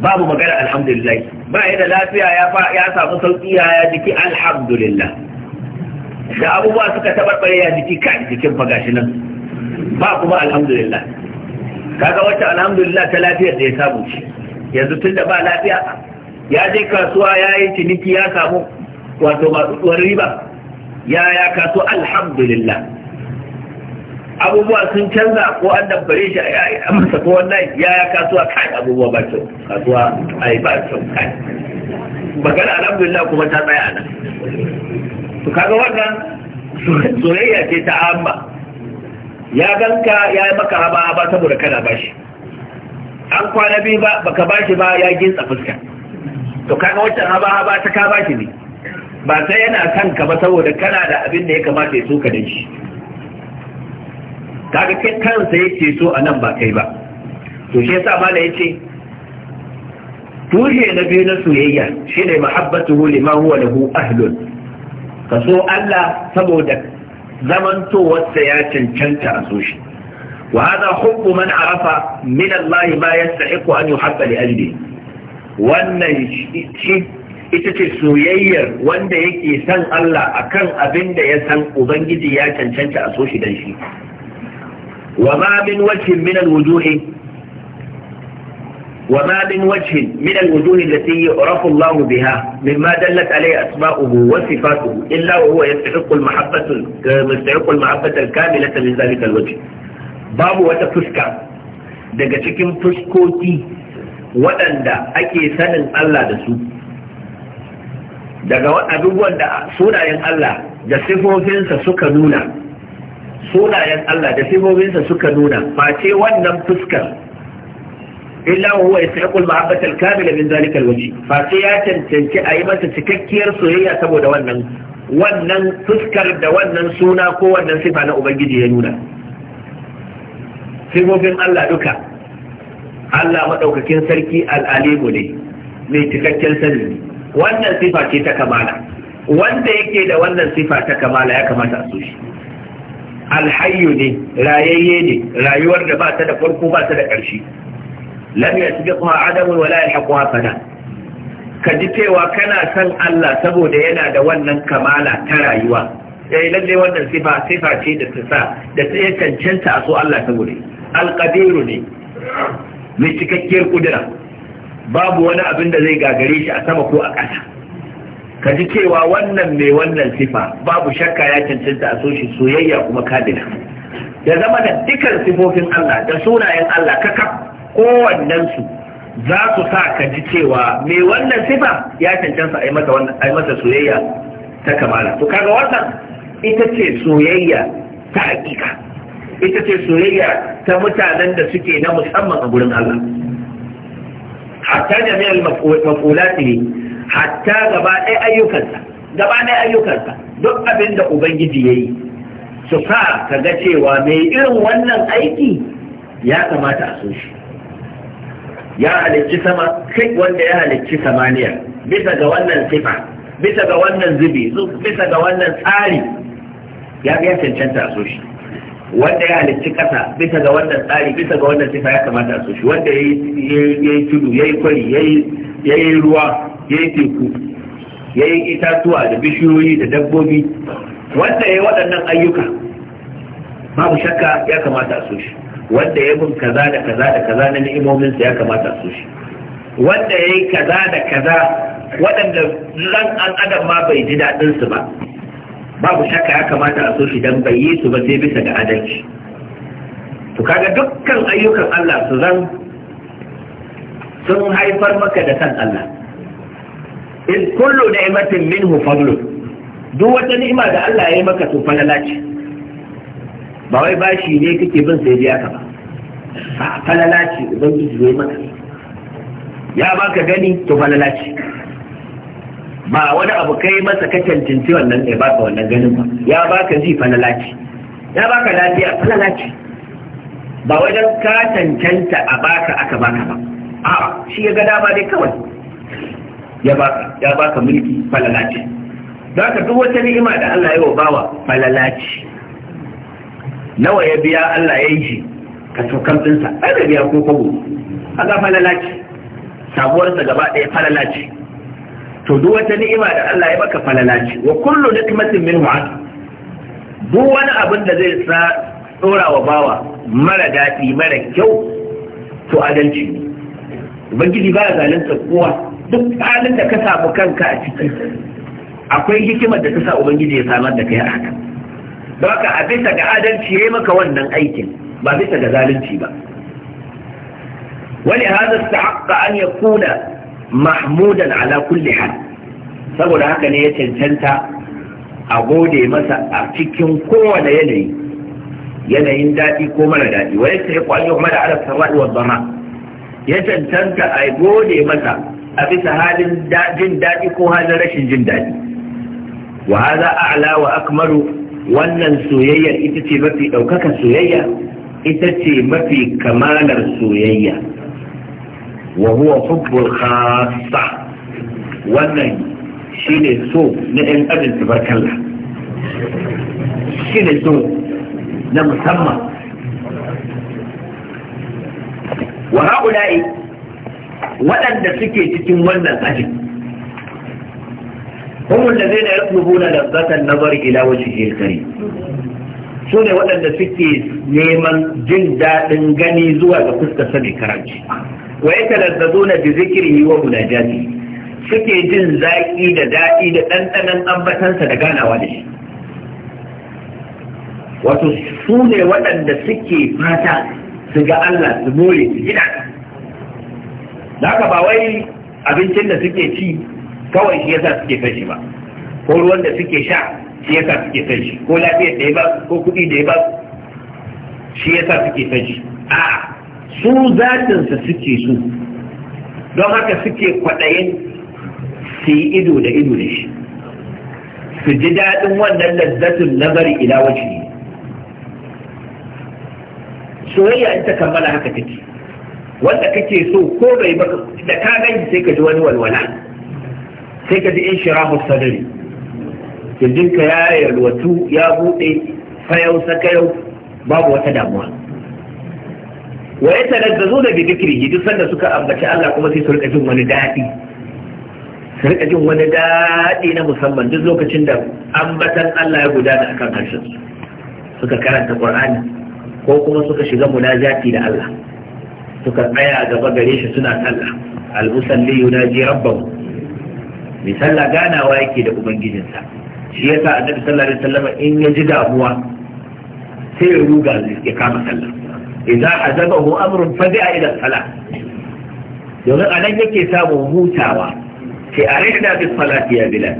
babu magana alhamdulillah ba ya da lafiya ya fa ya samu sauki ya jiki alhamdulillah da abubuwa suka tabarbare ya jiki kai jikin fa gashi nan ba kuma alhamdulillah kaga wacce alhamdulillah ta lafiyar da ya samu shi yanzu tunda ba lafiya ya je kasuwa ya yi ciniki ya samu wato masu riba ya ya kasuwa alhamdulillah abubuwa sun canza ko an dabbare shi a masa ko wannan ya kasuwa kai abubuwa ba kyau kasuwa ai ba kyau kai magana alhamdulillah kuma ta tsaya nan to kaga wannan soyayya ce ta amma ya ganka ya yi maka haba ba saboda kana bashi an kwana biyu ba baka bashi ba ya gintsa fuska to kaga wancan haba haba ta ka bashi ne ba sai yana kanka ba saboda kana da abin da ya kamata ya soka da shi kaga kai kansa ce so a nan ba kai ba to shi yasa mala yace tushe na biyu na soyayya shine mahabbatuhu liman huwa lahu ahlun ka so Allah saboda zamantowarsa ya cancanta a so shi wa hadha hubbu man arafa min Allah ma yastahiqu an yuhabba li ajli wannan shi ita ce soyayyar wanda yake san Allah akan abin da ya san ubangiji ya cancanta a so shi dan shi وما من وجه من الوجوه وما من وجه من الوجوه التي يعرف الله بها مما دلت عليه أسماؤه وصفاته إلا وهو يستحق المحبة يستحق المحبة الكاملة من ذلك الوجه باب وتفسك daga cikin fuskoki waɗanda ake sanin Allah da su daga abubuwan da sunayen Allah da sifofinsa suka nuna sunayen Allah da sifobinsa suka nuna face wannan fuskar illa huwa yastahiqul mahabbatal kamila min zalika alwaji face ya cancanci a yi masa cikakkiyar soyayya saboda wannan wannan fuskar da wannan suna ko wannan sifa na ubangiji ya nuna sifofin Allah duka Allah madaukakin sarki al al-alimu ne mai cikakken sani wannan sifa ce ta kamala wanda yake da wannan sifa ta kamala ya kamata a so shi alhayyu ne rayayye ne rayuwar da ba ta da farko ba ta da ƙarshe lam yasbiqha adamu wa la yalhaquha fana ka ji cewa kana son Allah saboda yana da wannan kamala ta rayuwa Sai eh, lalle wannan sifa ce da ta sa da ta yi cancanta a so Allah saboda alƙadiru ne mai cikakkiyar kudura babu wani abin da zai gagare shi a sama ko a ƙasa ka ji cewa wannan mai wannan sifa babu shakka ya cancanta a so shi soyayya kuma kadina ya zama da dukkan sifofin Allah da sunayen Allah kaka kowannen su za su sa ka ji cewa mai wannan sifa ya cancanta a yi masa soyayya ta kamala to kaga wannan ita ce soyayya ta hakika ita ce soyayya ta mutanen da suke na musamman a gurin Allah hatta jami'al maf'ulati hatta gaba ɗaya ayyukansa gaba ɗaya ayyukansa duk abin da ubangiji ya yi su sa ka ga cewa mai irin wannan aiki ya kamata a so shi ya halicci sama kai wanda ya halicci samaniya bisa ga wannan sifa bisa ga wannan zubi bisa ga wannan tsari ya ga cancanta a so shi wanda ya halicci kasa bisa ga wannan tsari bisa ga wannan sifa ya kamata a so shi wanda ya yi tudu ya yi kwari ya yi ruwa ya yi teku ya yi itatuwa da bishiyoyi da dabbobi wanda ya yi waɗannan ayyuka babu shakka ya kamata a so shi wanda ya bin kaza da kaza da kaza na ni'imominsa ya kamata a so shi wanda ya yi kaza da kaza waɗanda zan an adam ma bai ji su ba babu shakka ya kamata a so shi don bai yi su ba sai bisa ga adalci to kaga dukkan ayyukan Allah su zan sun haifar maka da san Allah in kullu ni'matin minhu fadlu duk wata ni'ima da Allah ya yi maka to falala ce ba wai bashi ne kake bin sai biya ka ba a falala ce ubangiji ya yi maka ya baka gani to falala ce ba wani abu kai masa ka cancanci wannan ya baka wannan ganin ba ya baka ji falala ce ya baka lafiya falala ce ba wajen ka cancanta a baka aka baka ba a shi ya ga dama dai kawai ya ba ka mulki falalaci ka duk wata ni'ima da Allah ya wa bawa falalaci nawa ya biya Allah ya yi shi ka tokan dinsa ai da biya ko kogo ga falalaci sabuwar sa gaba ɗaya falalaci to duk wata ni'ima da Allah ya baka falalaci wa kullu nikmatin minhu atu duk wani abin da zai sa tsora wa bawa mara daɗi mara kyau to adalci ne ubangiji ba zalunta kowa duk halin da ka samu kanka a ciki akwai hikimar da ta sa ubangiji ya samar da kai a haka don haka a bisa ga adalci ya maka wannan aikin ba bisa ga zalunci ba wani hada ta haƙƙa an ya kuna mahmudan ala kulli hal saboda haka ne ya cancanta a gode masa a cikin kowane yanayi yanayin daɗi ko mara daɗi wani sai kwayo mara ala sarra'i wa zama ya cancanta a gode masa a bisa halin jin daɗi ko halin rashin jin daɗi wa haza a'la wa akmalu wannan soyayya ita ce mafi ɗaukakar soyayya ita ce mafi kamalar soyayya wa huwa hubbul khassa wannan shine so na ɗan adam tabarkalla shine so na musamman wa ha'ula'i waɗanda suke cikin wannan ajin na الذين يطلبون لذة النظر إلى وجهه الكريم su ne waɗanda suke neman jin daɗin gani zuwa ga fuskarsa mai karanci wa ya talazzazo na bi zikiri wa munajati suke jin zaƙi da daɗi da ɗanɗanon ambatansa da ganawa da shi wato su ne waɗanda suke fata su ga Allah su more su gida da haka ba wai abincin da suke ci kawai shi yasa suke fashi ba ko ruwan da suke sha shi yasa suke fashi, ko lafiyar da ya ba ko kuɗi da ya ba shi yasa suke fashi. a su zatinsa suke so don haka suke kwaɗayin su yi ido da ido da shi su ji daɗin wannan lazzatin nazari ila wace soyayya ita kammala haka take wanda kake so ko bai maka da ka gani sai ka ji wani walwala sai ka ji in shirahu sadari ka ya yalwatu ya bude, fayau sakayau babu wata damuwa wa ya tanazzazu da bidikirhi duk sanda suka ambaci Allah kuma sai su rika jin wani daɗi su rika jin wani daɗi na musamman duk lokacin da ambatan Allah ya gudana akan harshen suka karanta Qur'ani ko kuma suka shiga munajati da Allah suka tsaya gaba gare shi suna sallah al-musalli yunaji rabbahu mai sallah ganawa yake da ubangijinsa shi yasa annabi sallallahu alaihi wasallam in ya ji damuwa sai ya ruga ya kama sallah idza azabahu amrun fadi'a ila salah yanzu anan yake samun hutawa sai a da bi salati ya bilal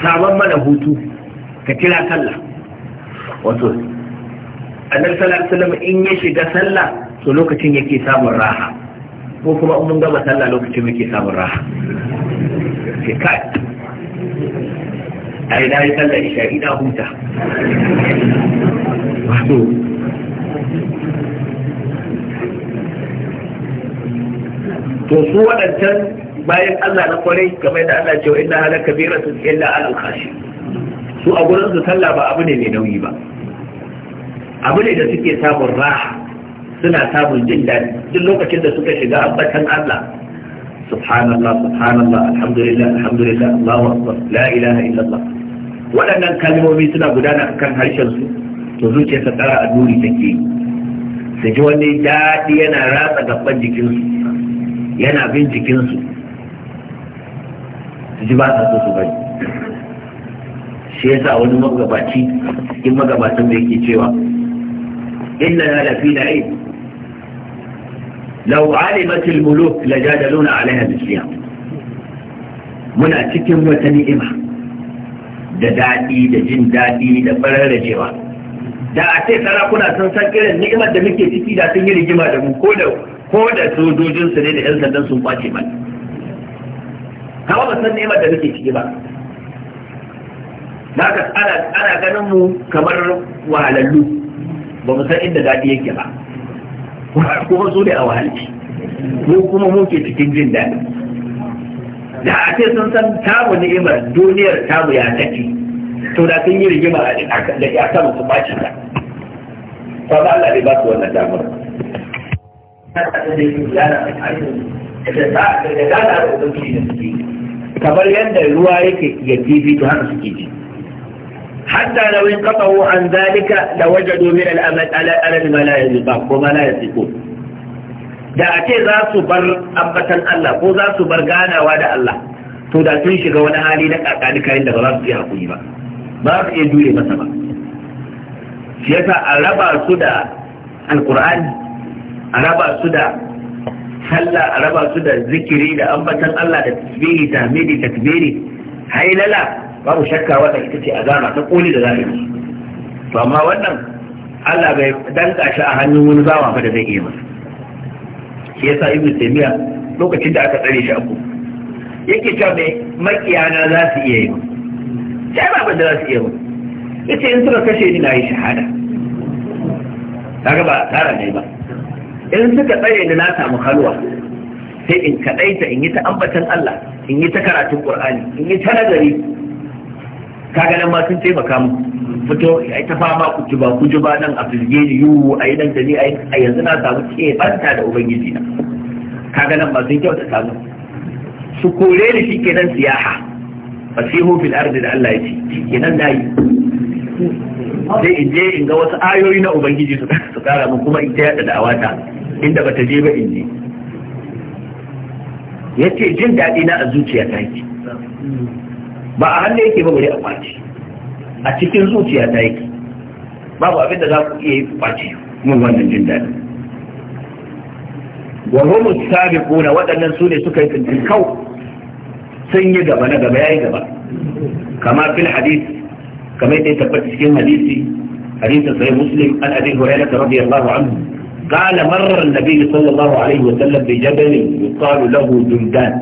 saman mana hutu ka kira sallah wato annabi sallallahu alaihi wasallam in ya shiga sallah to lokacin yake samun raha ko kuma in mun gama sallah lokacin yake samun raha sai kai ai da yi sallar isha ina huta wato to su waɗancan bayan Allah na kwarai kamar da Allah ce wa inna halaka biratun illa al-khashi su a gurin su sallah ba abu ne mai nauyi ba abu ne da suke samun raha suna samun jin daɗi duk lokacin da suka shiga ambatan Allah subhanallah subhanallah alhamdulillah alhamdulillah Allahu akbar la ilaha illallah waɗannan kalmomi suna gudana akan harshen su to zuciyarsa tsara a duri take su ji wani daɗi yana ratsa gaban jikinsu yana bin jikinsu su ji ba sa so su bari shi yasa wani magabaci cikin magabatan da yake cewa إننا لفي نعيم لو علمت الملوك لجادلونا عليها بالصيام muna cikin wata ni'ima da daɗi da jin daɗi da fararrajewa da a ce sarakuna sun san irin ni'imar da muke ciki da sun yi rigima da mu ko da ko da sojojin su ne da yan sandan sun kwace mana kawo ba san ni'imar da muke ciki ba haka ana ana ganin mu kamar wahalallu ba mu san inda daɗi yake ba kuma su ne a wahalci ko kuma mu ke cikin jin daɗi da a ce sun san tamu ni'imar duniyar tamu ya tafi. to da sun yi rigima da ya samu su ba ta ba ba Allah bai ba su wannan damar kamar yadda ruwa yake ya kifi to haka suke ji حتى لو انقطعوا عن ذلك لوجدوا من على ألم ما لا يذيقون وما لا يذيقون da a ce za su bar ambatan Allah ko za su bar ganawa da Allah to da sun shiga wani hali na kakani kayan da ba za su yi hakuri ba ba su iya jure masa ba shi yasa a raba su da alquran a raba su da sallah a raba su da zikiri da ambatan Allah da tasbihi tahmidi takbiri hailala babu shakka wannan ita ce azama ta koli da zalimi to amma wannan Allah bai danka shi a hannun wani zawa fa da zai iya masa shi yasa ibnu taymiya lokacin da aka tsare shi a ku yake cewa mai makiyana za su iya yi sai ba ban da za su iya ba yace in suka kashe ni na yi shahada kaga ba tara ne ba in suka tsare ni na samu halwa sai in kadaita in yi ta ambatan Allah in yi ta karatun Qur'ani in yi ta nazari kaga nan ma sun taimaka mu fito ai ta fama ku ji ba ku ji ba nan a firge ni yu ai nan da ni ai a yanzu na samu banta da ubangiji na kaga nan ma sun kyauta samu su kore ni nan siyaha fasihu fil ardi da Allah ya ce nan dai sai in je in ga wasu ayoyi na ubangiji su kara mu kuma ita yada ta inda bata je ba in je yace jin dadi na a zuciya ta yake ba a hannu yake ba bari a kwace a cikin zuciya ta yake babu abin da za ku iya yi kwace mun wannan jin daɗi wa hum sabiquna waɗannan su ne suka yi tsintin kau sun yi gaba na gaba ya yi gaba kama fil hadith kamar da ya tabbata cikin hadisi hadisin sai muslim an abi hurairah radiyallahu anhu قال مر النبي صلى الله عليه وسلم بجبل يقال له دندان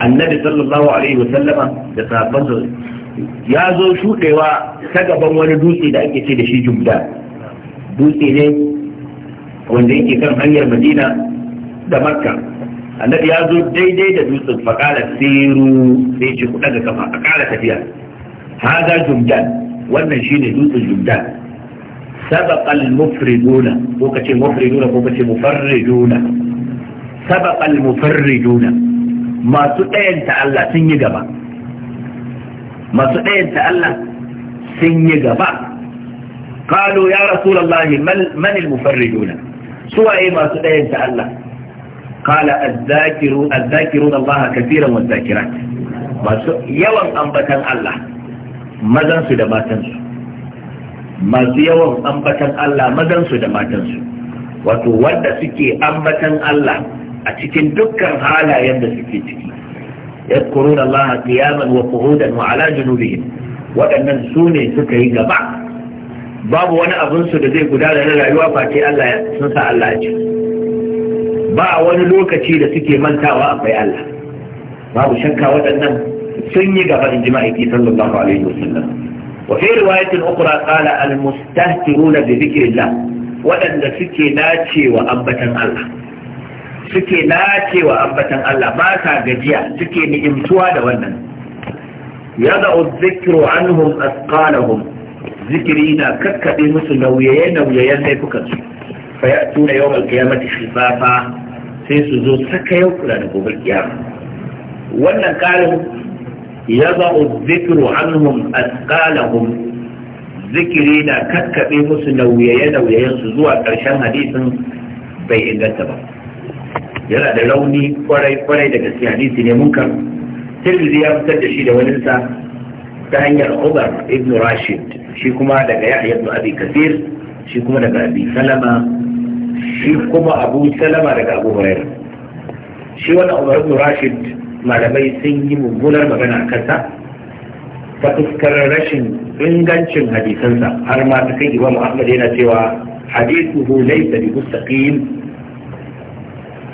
annabi sallallahu alaihi wa sallama da sahabbansa ya zo shudewa ta gaban wani dutse da ake ce da shi jumda dutse ne wanda yake kan hanyar madina da makka annabi ya zo daidai da dutsen fakala siru sai ce kuɗa ga kafa ƙara tafiya haza jumdan wannan shine dutsen jumdan سبق المفردون وكتي مفردون وكتي مفردون سبق المفردون masu ɗayanta Allah sun yi gaba masu ɗayanta Allah sun yi gaba kalu ya rasu lallahi manil mufarriduna masu ɗayanta Allah kala azzakiru Allah kafiran wa zakirat masu yawan ambatan masu yawan ambatan Allah mazansu da matansu wato wanda suke ambatan Allah a cikin dukkan halayen da suke ciki yadkurun Allah qiyaman wa qu'udan wa ala junubihim waɗannan su ne suka yi gaba babu wani abin su da zai gudana na rayuwa face Allah sun sa Allah ce ba wani lokaci da suke mantawa akwai Allah babu shakka waɗannan sun yi gaba in ji ma'aiki sallallahu alaihi wasallam wa fi riwayatin ukhra qala al mustahtiruna bi dhikrillah waɗanda suke nacewa ambatan Allah suke nacewa ambatan Allah ba sa gajiya suke ni'imtuwa da wannan ya za'u zikru anhum asqalahum zikiri na kakkabe musu nauyaye nauyayen laifukan su fa ya'tu na yawmal qiyamati shifafa sai su zo saka yau kula da gobe kiyama wannan kalin ya za'u zikru anhum asqalahum zikiri na kakkaɓe musu nauyaye-nauyayen su zuwa ƙarshen hadisin bai inganta ba yana da rauni kwarai kwarai da gaske hadisi ne munkar tirmidhi ya fitar da shi da wani sa ta hanyar Umar ibn Rashid shi kuma daga Yahya ibn Abi Kathir shi kuma daga Abi Salama shi kuma Abu Salama daga Abu Hurairah shi wannan Umar ibn Rashid malamai sun yi mummunar magana a kansa ta fuskar rashin ingancin hadisansa har ma ta kai Imam Ahmad yana cewa hadithu laysa bi mustaqim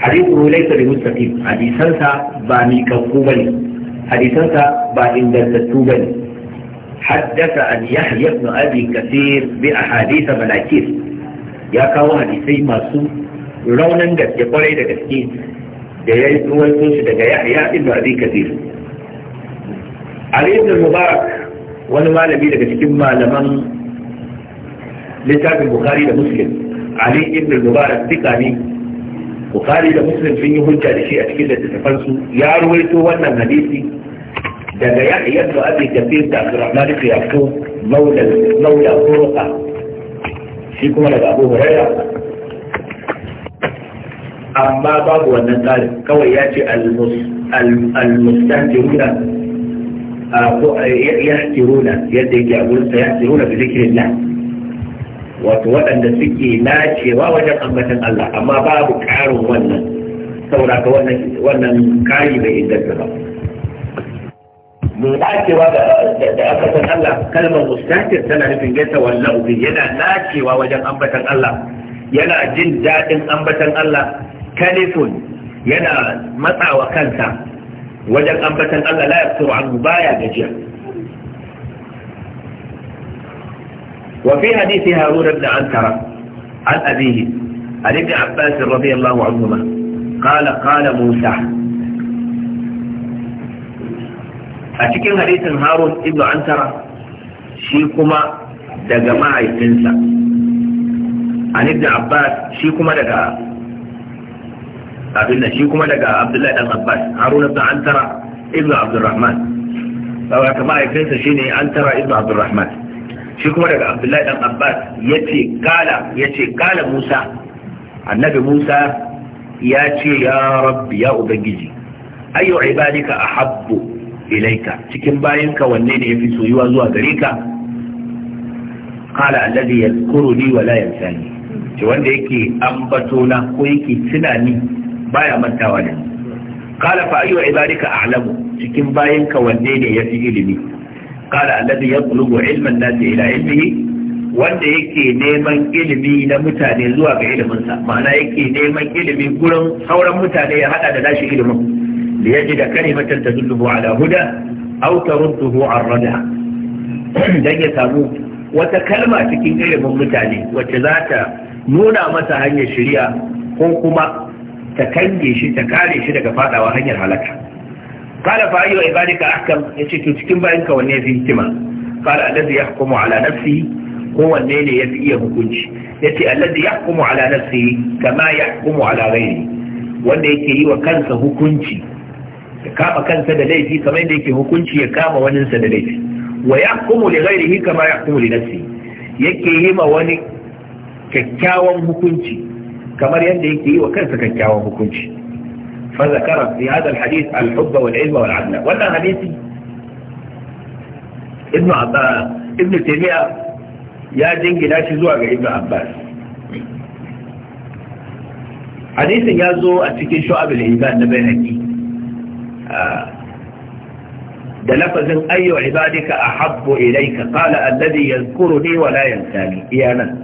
hadithu laysa bi mustaqim hadisansa ba mi kanku bane hadisansa ba ingantattu bane حدث أن يحيى بن أبي كثير بأحاديث مناكير ya kawo hadisai masu raunin gaske kwarai da gaske da ya yi ruwaito shi daga yahya ibn abi kathir ali ibn mubarak wani malami daga cikin malaman littafin bukhari da muslim ali ibn mubarak dika ne bukhari da muslim sun yi hujja da shi a cikin littattafan su ya ruwaito wannan hadisi daga yahya ibn abi kathir da abdurrahman ibn yaqub maula maula qurqa shi kuma daga abu huraira amma babu wannan tsarin kawai ya ce al-mustanjiruna ko yahtiruna yadda yake a gurin sa yahtiruna bi zikrillah wato waɗanda suke nacewa wajen ambatan Allah amma babu ƙarin wannan saboda wannan kari mai inganta ba mai nacewa da ambatan Allah kalmar mustatir tana nufin gaisa wallahu bi yana nacewa wajen ambatan Allah yana jin daɗin ambatan Allah kalifun yana matsawa kansa wajen ambatan Allah la yaftu an baya gajiya وفي حديث هارون بن عنترة عن ابيه عن ابن عباس رضي الله عنهما قال قال موسى اتكن حديث هارون بن عنترة شيكما دغ معيتنسا عن ابن عباس شيكما دجا ابن شيكما دغ عبد الله بن عباس هارون بن عنترة ابن عبد الرحمن فهو كما يفنسا شيني عنكره ابن عبد الرحمن shi kuma daga abdullahi dan abbas ya ce kala ya ce kala musa annabi musa ya ce ya rabbi ya ubangiji ayyu ibadika ahabbu ilaika cikin bayanka wanne ne yafi soyuwa zuwa gare ka kala alladhi li wa la yansani ce wanda yake ambato na ko yake tunani baya mantawa ne. kala fa ayyu ibadika a'lamu cikin bayanka wanne ne yafi ilimi قال الذي يطلب علم الناس الى علمه wanda yake neman ilimi na mutane zuwa ga iliminsa ma'ana yake neman ilimi gurin sauran mutane ya hada da nashi ilimin da yaji da matan ta zullubu ala huda ta tarudduhu an rada dan ya samu wata kalma cikin ilimin mutane wacce za ta nuna masa hanyar shari'a ko kuma ta kange shi ta kare shi daga fadawa hanyar halaka qala fa ayyu ibadika ahkam yace to cikin bayan ka wanne yafi hikima qala alladhi yahkumu ala nafsihi ko wanne ne yafi iya hukunci yace alladhi yahkumu ala nafsihi kama yahkumu ala ghairi wanda yake yi wa kansa hukunci ya kama kansa da laifi kamar yadda yake hukunci ya kama waninsa da laifi wa yahkumu li ghairihi kama yahkumu li nafsihi yake yi ma wani kyakkyawan hukunci kamar yadda yake yi wa kansa kyakkyawan hukunci فذكر في هذا الحديث الحب والعلم والعدل ولا حديث ابن عباس ابن تيمية يا دنجي لا زوعك ابن عباس حديث يازو أتكي شعب الإيمان بينكي آه. دلفز أي عبادك أحب إليك قال الذي يذكرني ولا ينساني إيانا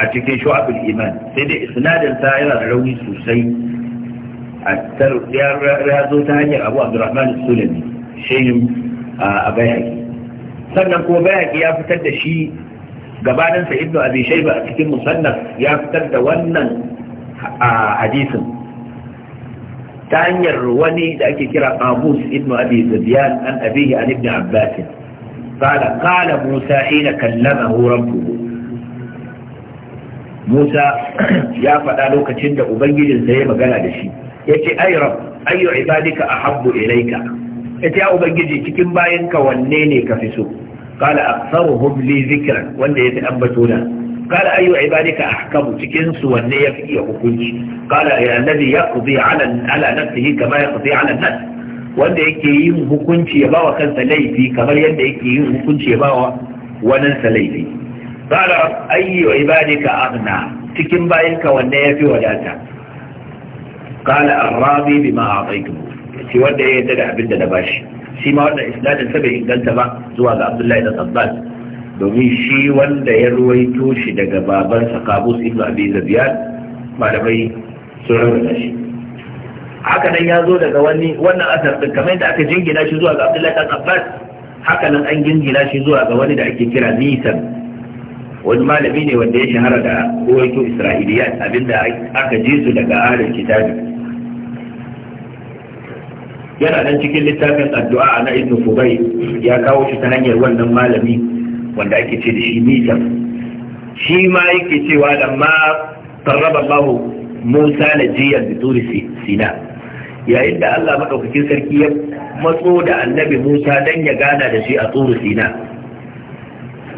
أتكي شعب الإيمان سيدي إثنان الثائرة العوني سوسين ya zo ta hanyar abu abdurrahman sulami shehin a bayaki sannan kuma bayaki ya fitar da shi gabaninsa ibnu abi shaiba a cikin musannaf ya fitar da wannan hadisin ta hanyar wani da ake kira abus ibnu abi zubiyan an abihi an ibnu abbas qala qala musa hina kallamahu rabbuhu musa ya faɗa lokacin da ubangijinsa ya magana da shi yace ai rab ayu ibadika ahabbu ilayka yace ya ubangiji cikin ka wanne ne ka fi so qala aktharuhum li dhikran wanda fi ambato da qala ayu ibadika ahkamu cikin su wanne fi iya hukunci qala ya alladhi yaqdi ala ala nafsihi kama yaqdi ala nas wanda yake yin hukunci ya bawa kansa laifi kamar yadda yake yin hukunci ya bawa sa laifi qala ayu ibadika aghna cikin ka wanne ya fi wadata qala ar-rabi bima a'taytum shi wanda ya yarda da abin da na bashi shi ma wannan isnadin sa bai inganta ba zuwa ga Abdullahi da Abbas domin shi wanda ya ruwaito shi daga babansa Qabus ibn Abi Zabiyan malamai sun rawaita shi haka nan ya zo daga wani wannan asar din kamar yadda aka jingina shi zuwa ga Abdullahi da Abbas haka nan an jingina shi zuwa ga wani da ake kira Nisan wani malami ne wanda ya shahara da ruwaito Isra'iliya abinda aka ji su daga ahlul kitabi yana nan cikin littafin addu'a na ibnu fubai ya kawo shi ta hanyar wannan malami wanda ake ce da shi mitar shi ma yake cewa da ma qarraba Allah Musa najiyan bi turi sina yayin da Allah maɗaukakin sarki ya matso da annabi Musa dan ya gana da shi a turi sina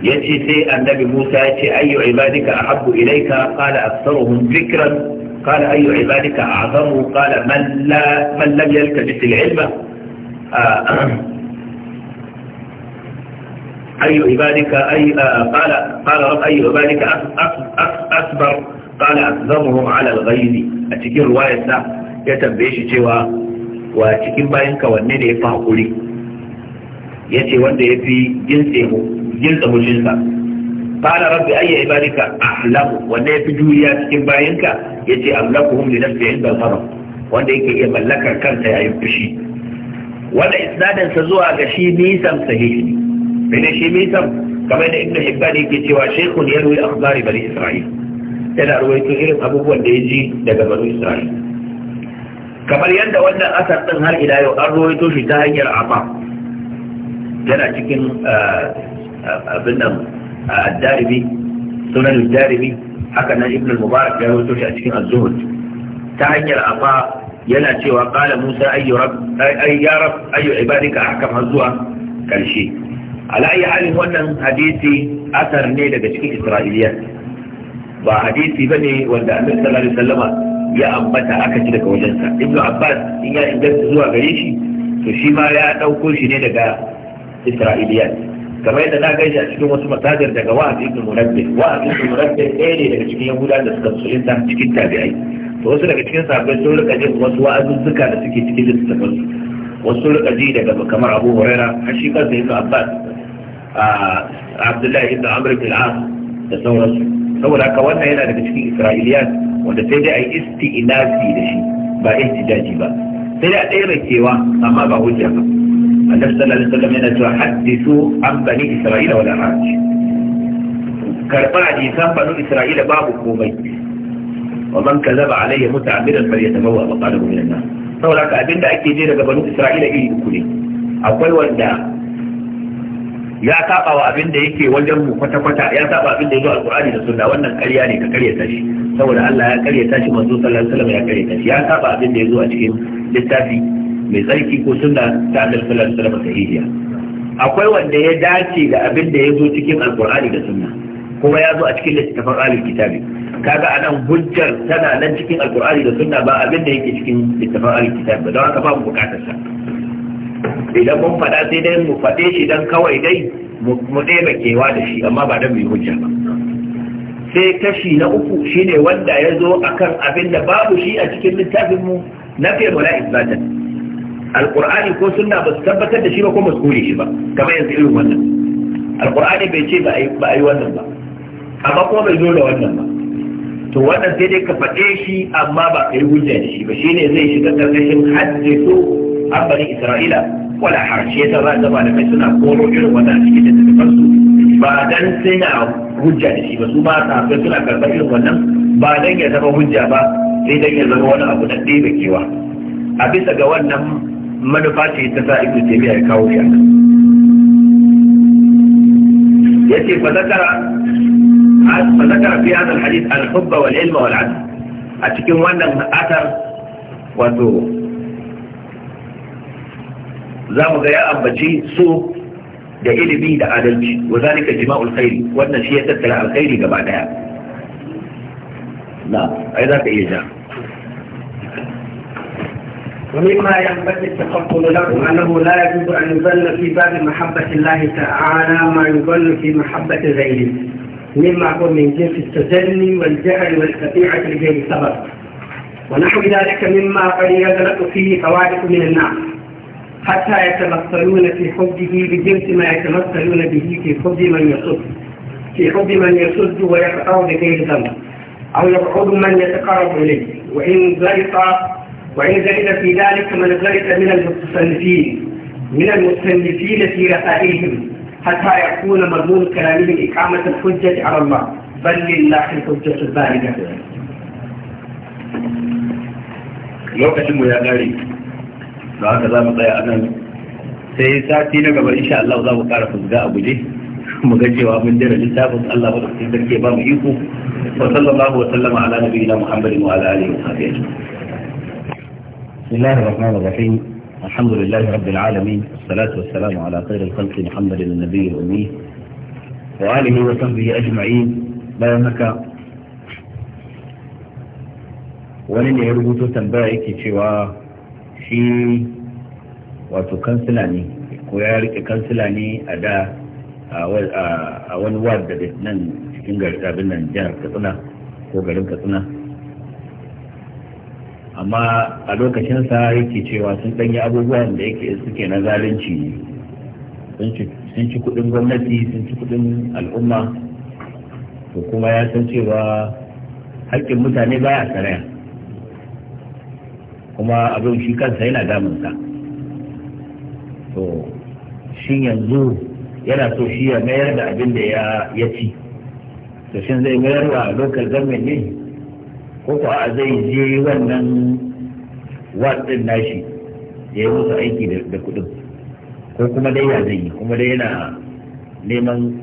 yace sai annabi Musa yace ayyu ibadika ahabbu ilayka qala aktharuhum dhikran qala ayyu ibadika a'zamu qala man la man lam yaltabis al-ilma أي عبادك أي قال قال رب أي عبادك أكبر قال أكذبهم على الغيظ أتكين رواية يتبعيش cewa. wa cikin bayanka wanne ne ya fi haƙuri ya ce wanda ya fi gintse mu jinsa hushinsa qala rabbi ayya ibadika ahlamu wanda yafi juriya cikin bayinka yace amlakuhum li nafsi inda al-ghadab wanda yake iya mallakar kansa yayin fushi wanda isnadin sa zuwa ga shi nisan sahihi ne shi nisan kamar da ibnu hibban yake cewa shaykhun yarwi akhbari bani isra'il yana ruwaito irin abubuwan da ya ji daga bani isra'il kamar yadda wannan asar din har ila yau an ruwaito shi ta hanyar amma yana cikin eh, abin nan a darimi sunan ad-darimi haka nan ibn mubarak ya rawaito shi a cikin az-zuhd ta hanyar afa yana cewa qala musa ayyu rabb ay ya rabb ayyu ibadika ahkam hazwa karshe ala ayi halin wannan hadisi asar ne daga cikin isra'iliya ba hadisi bane wanda annabi sallallahu alaihi wasallama ya ambata aka ci daga wajensa ibnu abbas in ya inganta zuwa gare shi to shi ma ya dauko shi ne daga isra'iliya kamar yadda na gaishe a cikin wasu masajir daga wa'az ibn munabbi wa'az ibn munabbi ɗaya ne daga cikin yahuda da suka su musulunta cikin tabi'ai to wasu daga cikin sahabbai sun rika jin wasu wa'azuzzuka da suke cikin littafin su wasu sun rika ji daga kamar abu huraira har shi kansa ibn abbas abdullahi ibn amr ibn al-as da sauransu saboda haka wannan yana daga cikin isra'iliyat wanda sai dai a yi isti'inasi da shi ba ihtijaji ba sai dai a ɗaya mai cewa amma ba hujja ba annabi sallallahu alaihi wasallam yana cewa hadithu an bani isra'ila wala haraj karba san banu isra'ila babu komai wa man kazaba alayya muta'ammidan falyatabawwa maqalahu min an-nar saboda ka abinda ake je daga banu isra'ila iri uku ne akwai wanda ya saba wa abin da yake wajen mu kwata kwata ya saba abin da yazo alqur'ani da sunna wannan ƙarya ne ka ƙaryata shi saboda Allah ya ƙaryata shi manzo sallallahu alaihi wasallam ya ƙaryata shi ya saba abin da yazo a cikin littafi mai tsarki ko suna ta annabi sallallahu sahihiya akwai wanda ya dace da abin da ya zo cikin alqur'ani da sunna kuma ya zo a cikin littattafan alif kitabi kaga anan hujjar tana nan cikin alqur'ani da sunna ba abin da yake cikin littattafan alif kitabi ba don haka ba mu bukatar sa idan mun faɗa sai dai mu faɗe shi dan kawai dai mu ɗebe kewa da shi amma ba dan mu yi hujja ba sai kashi na uku shine wanda ya zo akan abin da babu shi a cikin littafin mu na fi wala isbatan alqur'ani ko sunna ba su tabbatar da shi ba ko ba su shi ba kamar yanzu irin wannan alqur'ani bai ce ba a yi wannan ba amma kuma bai zo da wannan ba to wannan sai dai ka faɗe shi amma ba ka yi hujja da shi ba shine zai shiga karkashin hadisu an bari isra'ila wala harshe ta ba da malamai suna koro irin wannan cikin da su ba dan sai na hujja da shi ba su ba sahabbai suna karɓar irin wannan ba dan ya zama hujja ba sai dan ya zama wani abu na ɗebe kewa a bisa ga wannan manufa ce ta sa ibnu taymiya ya kawo shi yace fa zakara fa zakara fi hadha alhadith alhubb wal ilm wal adl a cikin wannan atar wato za mu ga ya ambaci so da ilimi da adalci wa zalika jima'ul khairi wannan shi ya tattara alkhairi gaba daya na ai za ka iya ja ومما ينبغي التفضل له أنه لا يجوز أن يظل في باب محبة الله تعالى ما يظل في محبة غيره مما هو من جنس التجني والجهل والخديعة لغير سبب ونحو ذلك مما قد يغلق فيه حوادث من الناس حتى يتمثلون في حبه بجنس ما يتمثلون به في حب من يصد في حب من يصد ويقطع بغير ذنب أو يبعد من يتقرب إليه وإن ذلك وعندنا في ذلك من ذلك من المتصنفين من المتصنفين في رسائلهم حتى يكون مضمون كلامهم إقامة الحجة على الله بل لله الحجة البالغة لو كتم يا غالي فهذا ذا مقا يا أنا سيساتينا قبل إن شاء الله ذا وقار فزقاء أبو جي مغجي وامن دير الإنساب الله وقفت ذكي بام وصلى الله وسلم على نبينا محمد وعلى آله وصحبه أجمعين بسم الله الرحمن الرحيم الحمد لله رب العالمين والصلاة والسلام على خير الخلق محمد النبي الأمي وآله وصحبه أجمعين لا يمكى ولن يربط تنبائك شواء شيء وتكنسلاني ويارك كنسلاني أداء أول وادة نن cikin garin nan كتنا Katsina كتنا amma a lokacin sa yake cewa sun danyi abubuwan da yake suke na zalunci ne sun ci kudin gwamnati sun ci kudin al'umma to kuma ya san cewa haƙƙin mutane baya a tsaraya kuma abin shi kansa yana damunsa to shin yanzu yana so shi ya mayar da abin da ya ci to shin zai mayar wa lokacin government ne ko kuwa a zai je wannan watsin nashi ya yi musu aiki da kuɗin ko kuma dai ya zai yi kuma dai yana neman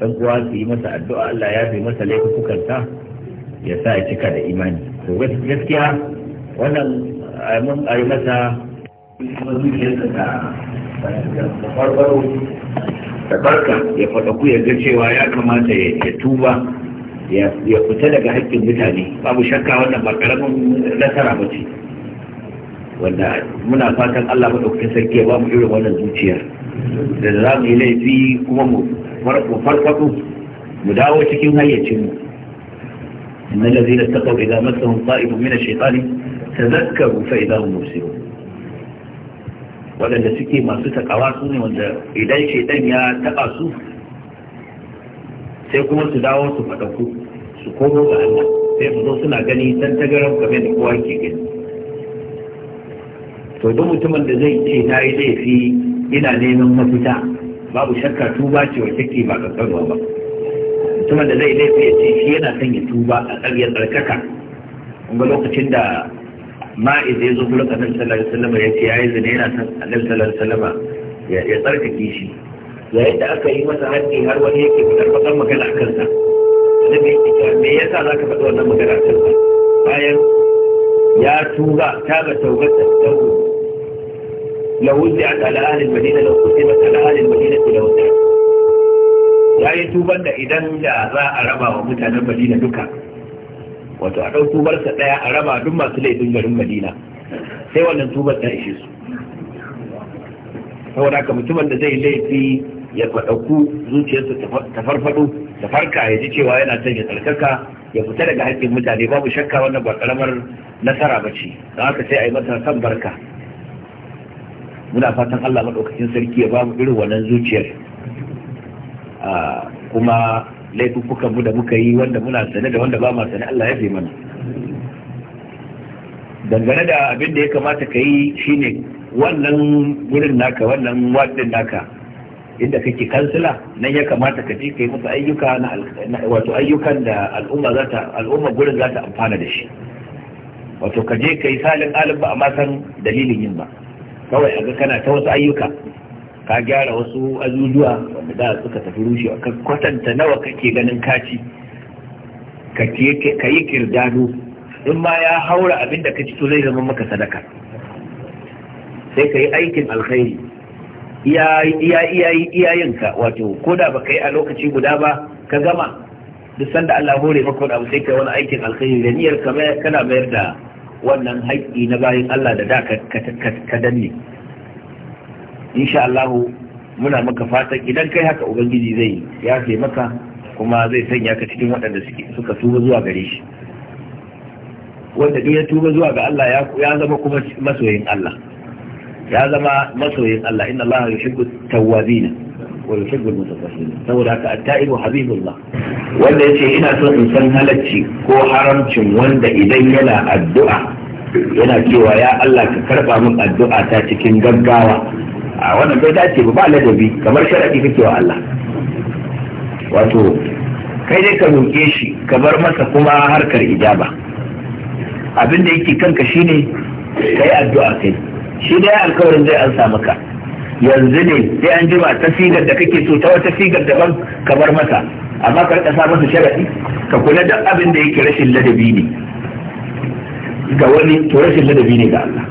ɗan uwa su yi masa addu'a Allah ya yi masa laifukansa ya sa ya cika da imani to gaskiya wannan a yi masa da barka ya faɗa ku ya ga cewa ya kamata ya tuba ya fita daga haƙƙin mutane babu shakka wannan ba ƙaramin nasara ba ce wanda muna fatan Allah maɗaukakin sarki ya ba mu irin wannan zuciyar da za mu yi laifi kuma mu farfaɗo mu dawo cikin hayyacinmu inna lazina taqaw idza massahum ta'ibun min ash-shaytani tadhakkaru fa idza hum mubsirun wadanda suke masu takawa su ne wanda idan shaytan ya taba su sai kuma su dawo su faɗa ku su komo ga Allah sai su zo suna gani dan tagaran kamar da kowa ke gani to duk mutumin da zai ce na yi laifi ina neman mafita babu shakka tuba ce wacce ke ba kankanwa ba mutumin da zai laifi ya ce shi yana son ya tuba a tsariyar tsarkaka kuma lokacin da ma'iz ya zo gurin annabi sallallahu alaihi wasallam ya ce yayi zina yana son annabi sallallahu alaihi wasallam ya tsarkake shi yayin da aka yi masa hanni har wani yake fitar fasan magana a kansa annabi ya ce me yasa zaka faɗi wannan magana kan bayan ya tura ta ga taubatar taubu لو وزعت على أهل المدينة لو قسمت على أهل المدينة لو وزعت ya yi tubar da idan da za a raba wa mutanen madina duka wato a ɗau tubarsa ɗaya a raba duk masu laifin garin madina sai wannan tubar ta ishe su saboda ka mutumin da zai laifi ya faɗaku zuciyarsa ta farfaɗo da farka ya ji cewa yana son ya tsarkaka ya fita daga haƙƙin mutane babu shakka wannan ba karamar nasara ba ce don haka sai a yi masa san barka muna fatan Allah maɗaukacin sarki ya bamu irin wannan zuciyar kuma laifuffukan mu da muka yi wanda muna sane da wanda ba ma sane Allah ya fi mana dangane da abin da ya kamata ka yi shine wannan wurin naka wannan wadin naka inda kake kansila nan ya kamata ka je kai musu ayyuka na wato ayyukan da al'umma za ta al'umma gurin za ta amfana da shi wato ka je kai salin alim ba amma san dalilin yin ba kawai ga kana ta wasu ayyuka ka gyara wasu azuzuwa wanda da suka tafi rushewa ka kwatanta nawa kake ganin kaci ka yi kirdado in ma ya haura abinda da ka ci to zai zama maka sadaka sai ka yi aikin alkhairi iyayenka wato ko da baka yi a lokaci guda ba ka gama duk sanda Allah hore maka wani abu sai kai wani aikin alkhairi da niyyar ka kana mayar da wannan haƙƙi na bayan Allah da da ka danne insha Allah muna maka fatan idan kai haka ubangiji zai yafe maka kuma zai sanya ka cikin waɗanda suka tuba zuwa gare shi wanda duk ya tuba zuwa ga Allah ya zama kuma masoyin Allah ya zama masoyin Allah inna Allah yuhibbu tawwabina wa yuhibbu al-mutatahhirin saboda haka at-ta'ibu habibullah wanda yace ina so in san halacci ko haramcin wanda idan yana addu'a yana cewa ya Allah ka karba min addu'a ta cikin gaggawa a wannan bai dace ba ba ladabi kamar sharadi kake wa Allah wato kai dai ka roƙe shi ka bar masa kuma harkar ijaba abin da yake kanka shine kai addu'a kai shi dai alkawarin zai ansa maka yanzu ne sai an jima ta sigar da kake so ta wata sigar daban ka bar masa amma ka rika sa masa sharadi ka kula da abin da yake rashin ladabi ne ga wani to rashin ladabi ne ga Allah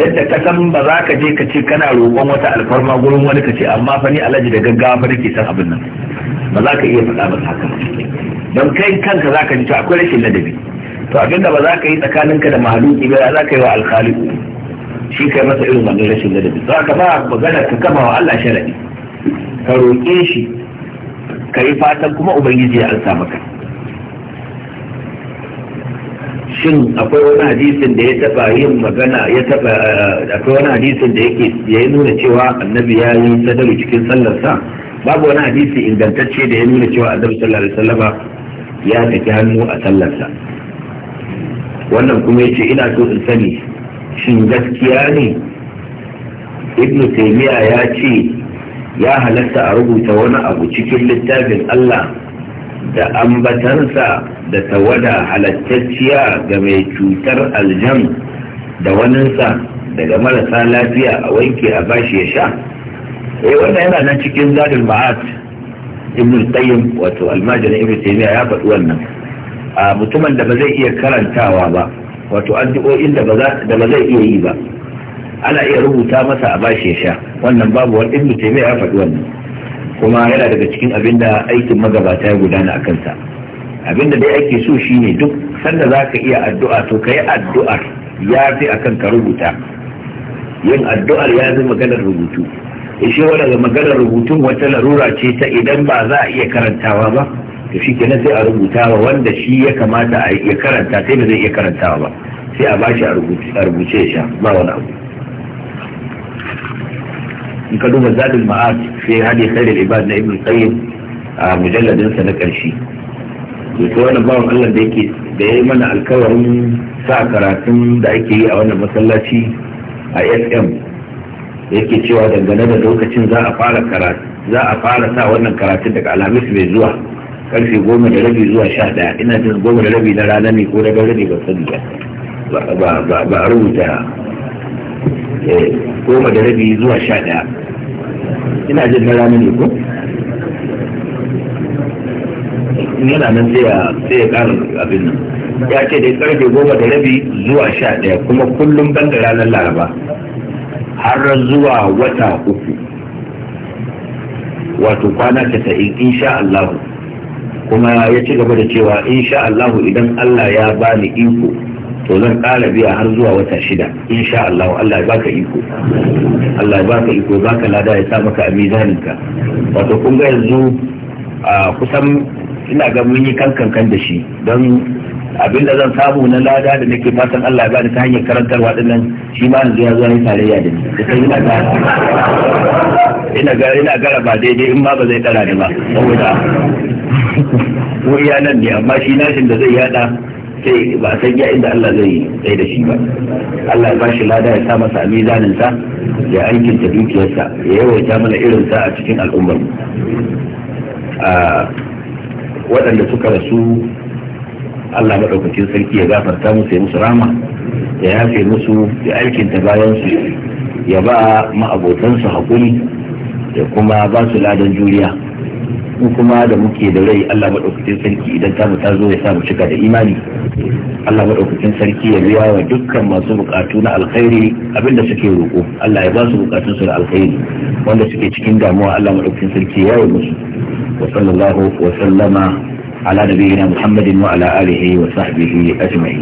yadda ka san ba za ka je ka ce kana roƙon wata alfarma gurin wani ka ce amma fa ni alaji da gaggawa fa nake san abin nan ba za ka iya faɗa ba haka don kai kanka za ka ji to akwai rashin ladabi to abinda ba za ka yi tsakaninka da mahaluki ba za ka yi wa alkhaliku shi kai masa irin wannan rashin ladabi za ka ba magana ka kama wa Allah sharadi ka roƙe shi ka yi fatan kuma ubangiji ya ansa maka shin akwai wani hadisin da ya taba yin magana ya taba eh, akwai wani hadisin da yake ya nuna cewa annabi ya yi sadaru cikin sallarsa babu wani hadisi ingantacce da ya nuna cewa annabi sallallahu alaihi wasallama ya tafi hannu a sallarsa wannan kuma yace ina so in sani shin gaskiya ne ibn taymiya ya ce ya halatta a rubuta wani abu cikin littafin Allah da ambatansa da tawada halattacciya ga mai cutar aljan da waninsa daga marasa lafiya a wanke a bashi ya sha eh wannan yana nan cikin zadul ma'at ibn qayyim wato almajirin ibn taymiya ya faɗi wannan a mutumin da ba zai iya karantawa ba wato addu'o'in da ba zai iya yi ba ana iya rubuta masa a bashi ya sha wannan babu wani ibnu ya faɗi wannan kuma yana daga cikin abinda aikin magabata ya gudana a kansa abin da dai ake so shine duk sanda za ka iya addu'a to ka yi addu'ar ya fi akan ka rubuta yin addu'ar ya zama maganar rubutu ishe daga maganar rubutun wata larura ce ta idan ba za a iya karantawa ba to shi kenan sai a rubuta wa wanda shi ya kamata a ya karanta sai ba zai iya karantawa ba sai a shi a rubuce ya sha ba wani abu in ka duba zadul ma'ad sai hadi khairul ibad na ibn qayyim a mujalladin sa na karshe to sai wannan bawan Allah da yake da yayi mana alkawarin sa karatun da ake yi a wannan masallaci a FM yake cewa dangane da lokacin za a fara karatu za a fara sa wannan karatun daga alhamis mai zuwa karfe goma da rabi zuwa sha ɗaya ina jin goma da rabi na rana ne ko na daga rabi ba sani ba ba a rubuta eh, goma da rabi zuwa sha ɗaya ina jin na rana ne ko yana nan sai ya ƙara abin nan ya ce dai karfe goma da rabi zuwa sha ɗaya kuma kullum ban da ranar laraba har zuwa wata uku wato kwana ta casa'in insha allahu. kuma ya ci gaba da cewa insha Allah idan Allah ya bani iko to zan ƙara biya har zuwa wata shida insha Allah Allah ya baka iko Allah ya baka iko baka lada ya sa maka a mizaninka wato kun ga yanzu a kusan ina ga mun yi kankan kan da shi don abin da zan samu na lada da nake fatan Allah ya bani ta hanyar karantarwa dinnan shi ma yanzu ya zo ya tarayya da ni sai ina ga ina ga ina ga ba daidai in ma ba zai tsara ni ba saboda ko iya nan ne amma shi nashin da zai yada sai ba san ya inda Allah zai tsaye da shi ba Allah ya bashi lada ya sa masa a mizanin sa ya aikin ta dukiyarsa ya yawaita mana irin sa a cikin al'ummar a waɗanda suka rasu Allah maɗaukacin sarki ya gafarta musu ya musu rama ya yafe musu ya aikin ta bayan su ya ba ma'abotansu haƙuri ya kuma ba su ladan juriya mu kuma da muke da rai Allah maɗaukacin sarki idan ta mu ta zo ya samu cika da imani Allah maɗaukacin sarki ya biya wa dukkan masu bukatu na alkhairi abinda suke roƙo Allah ya ba su bukatun su da alkhairi wanda suke cikin damuwa Allah maɗaukacin sarki ya yi musu wa sallallahu wa sallama ala nabiyyina Muhammadin wa ala alihi wa sahbihi ajma'in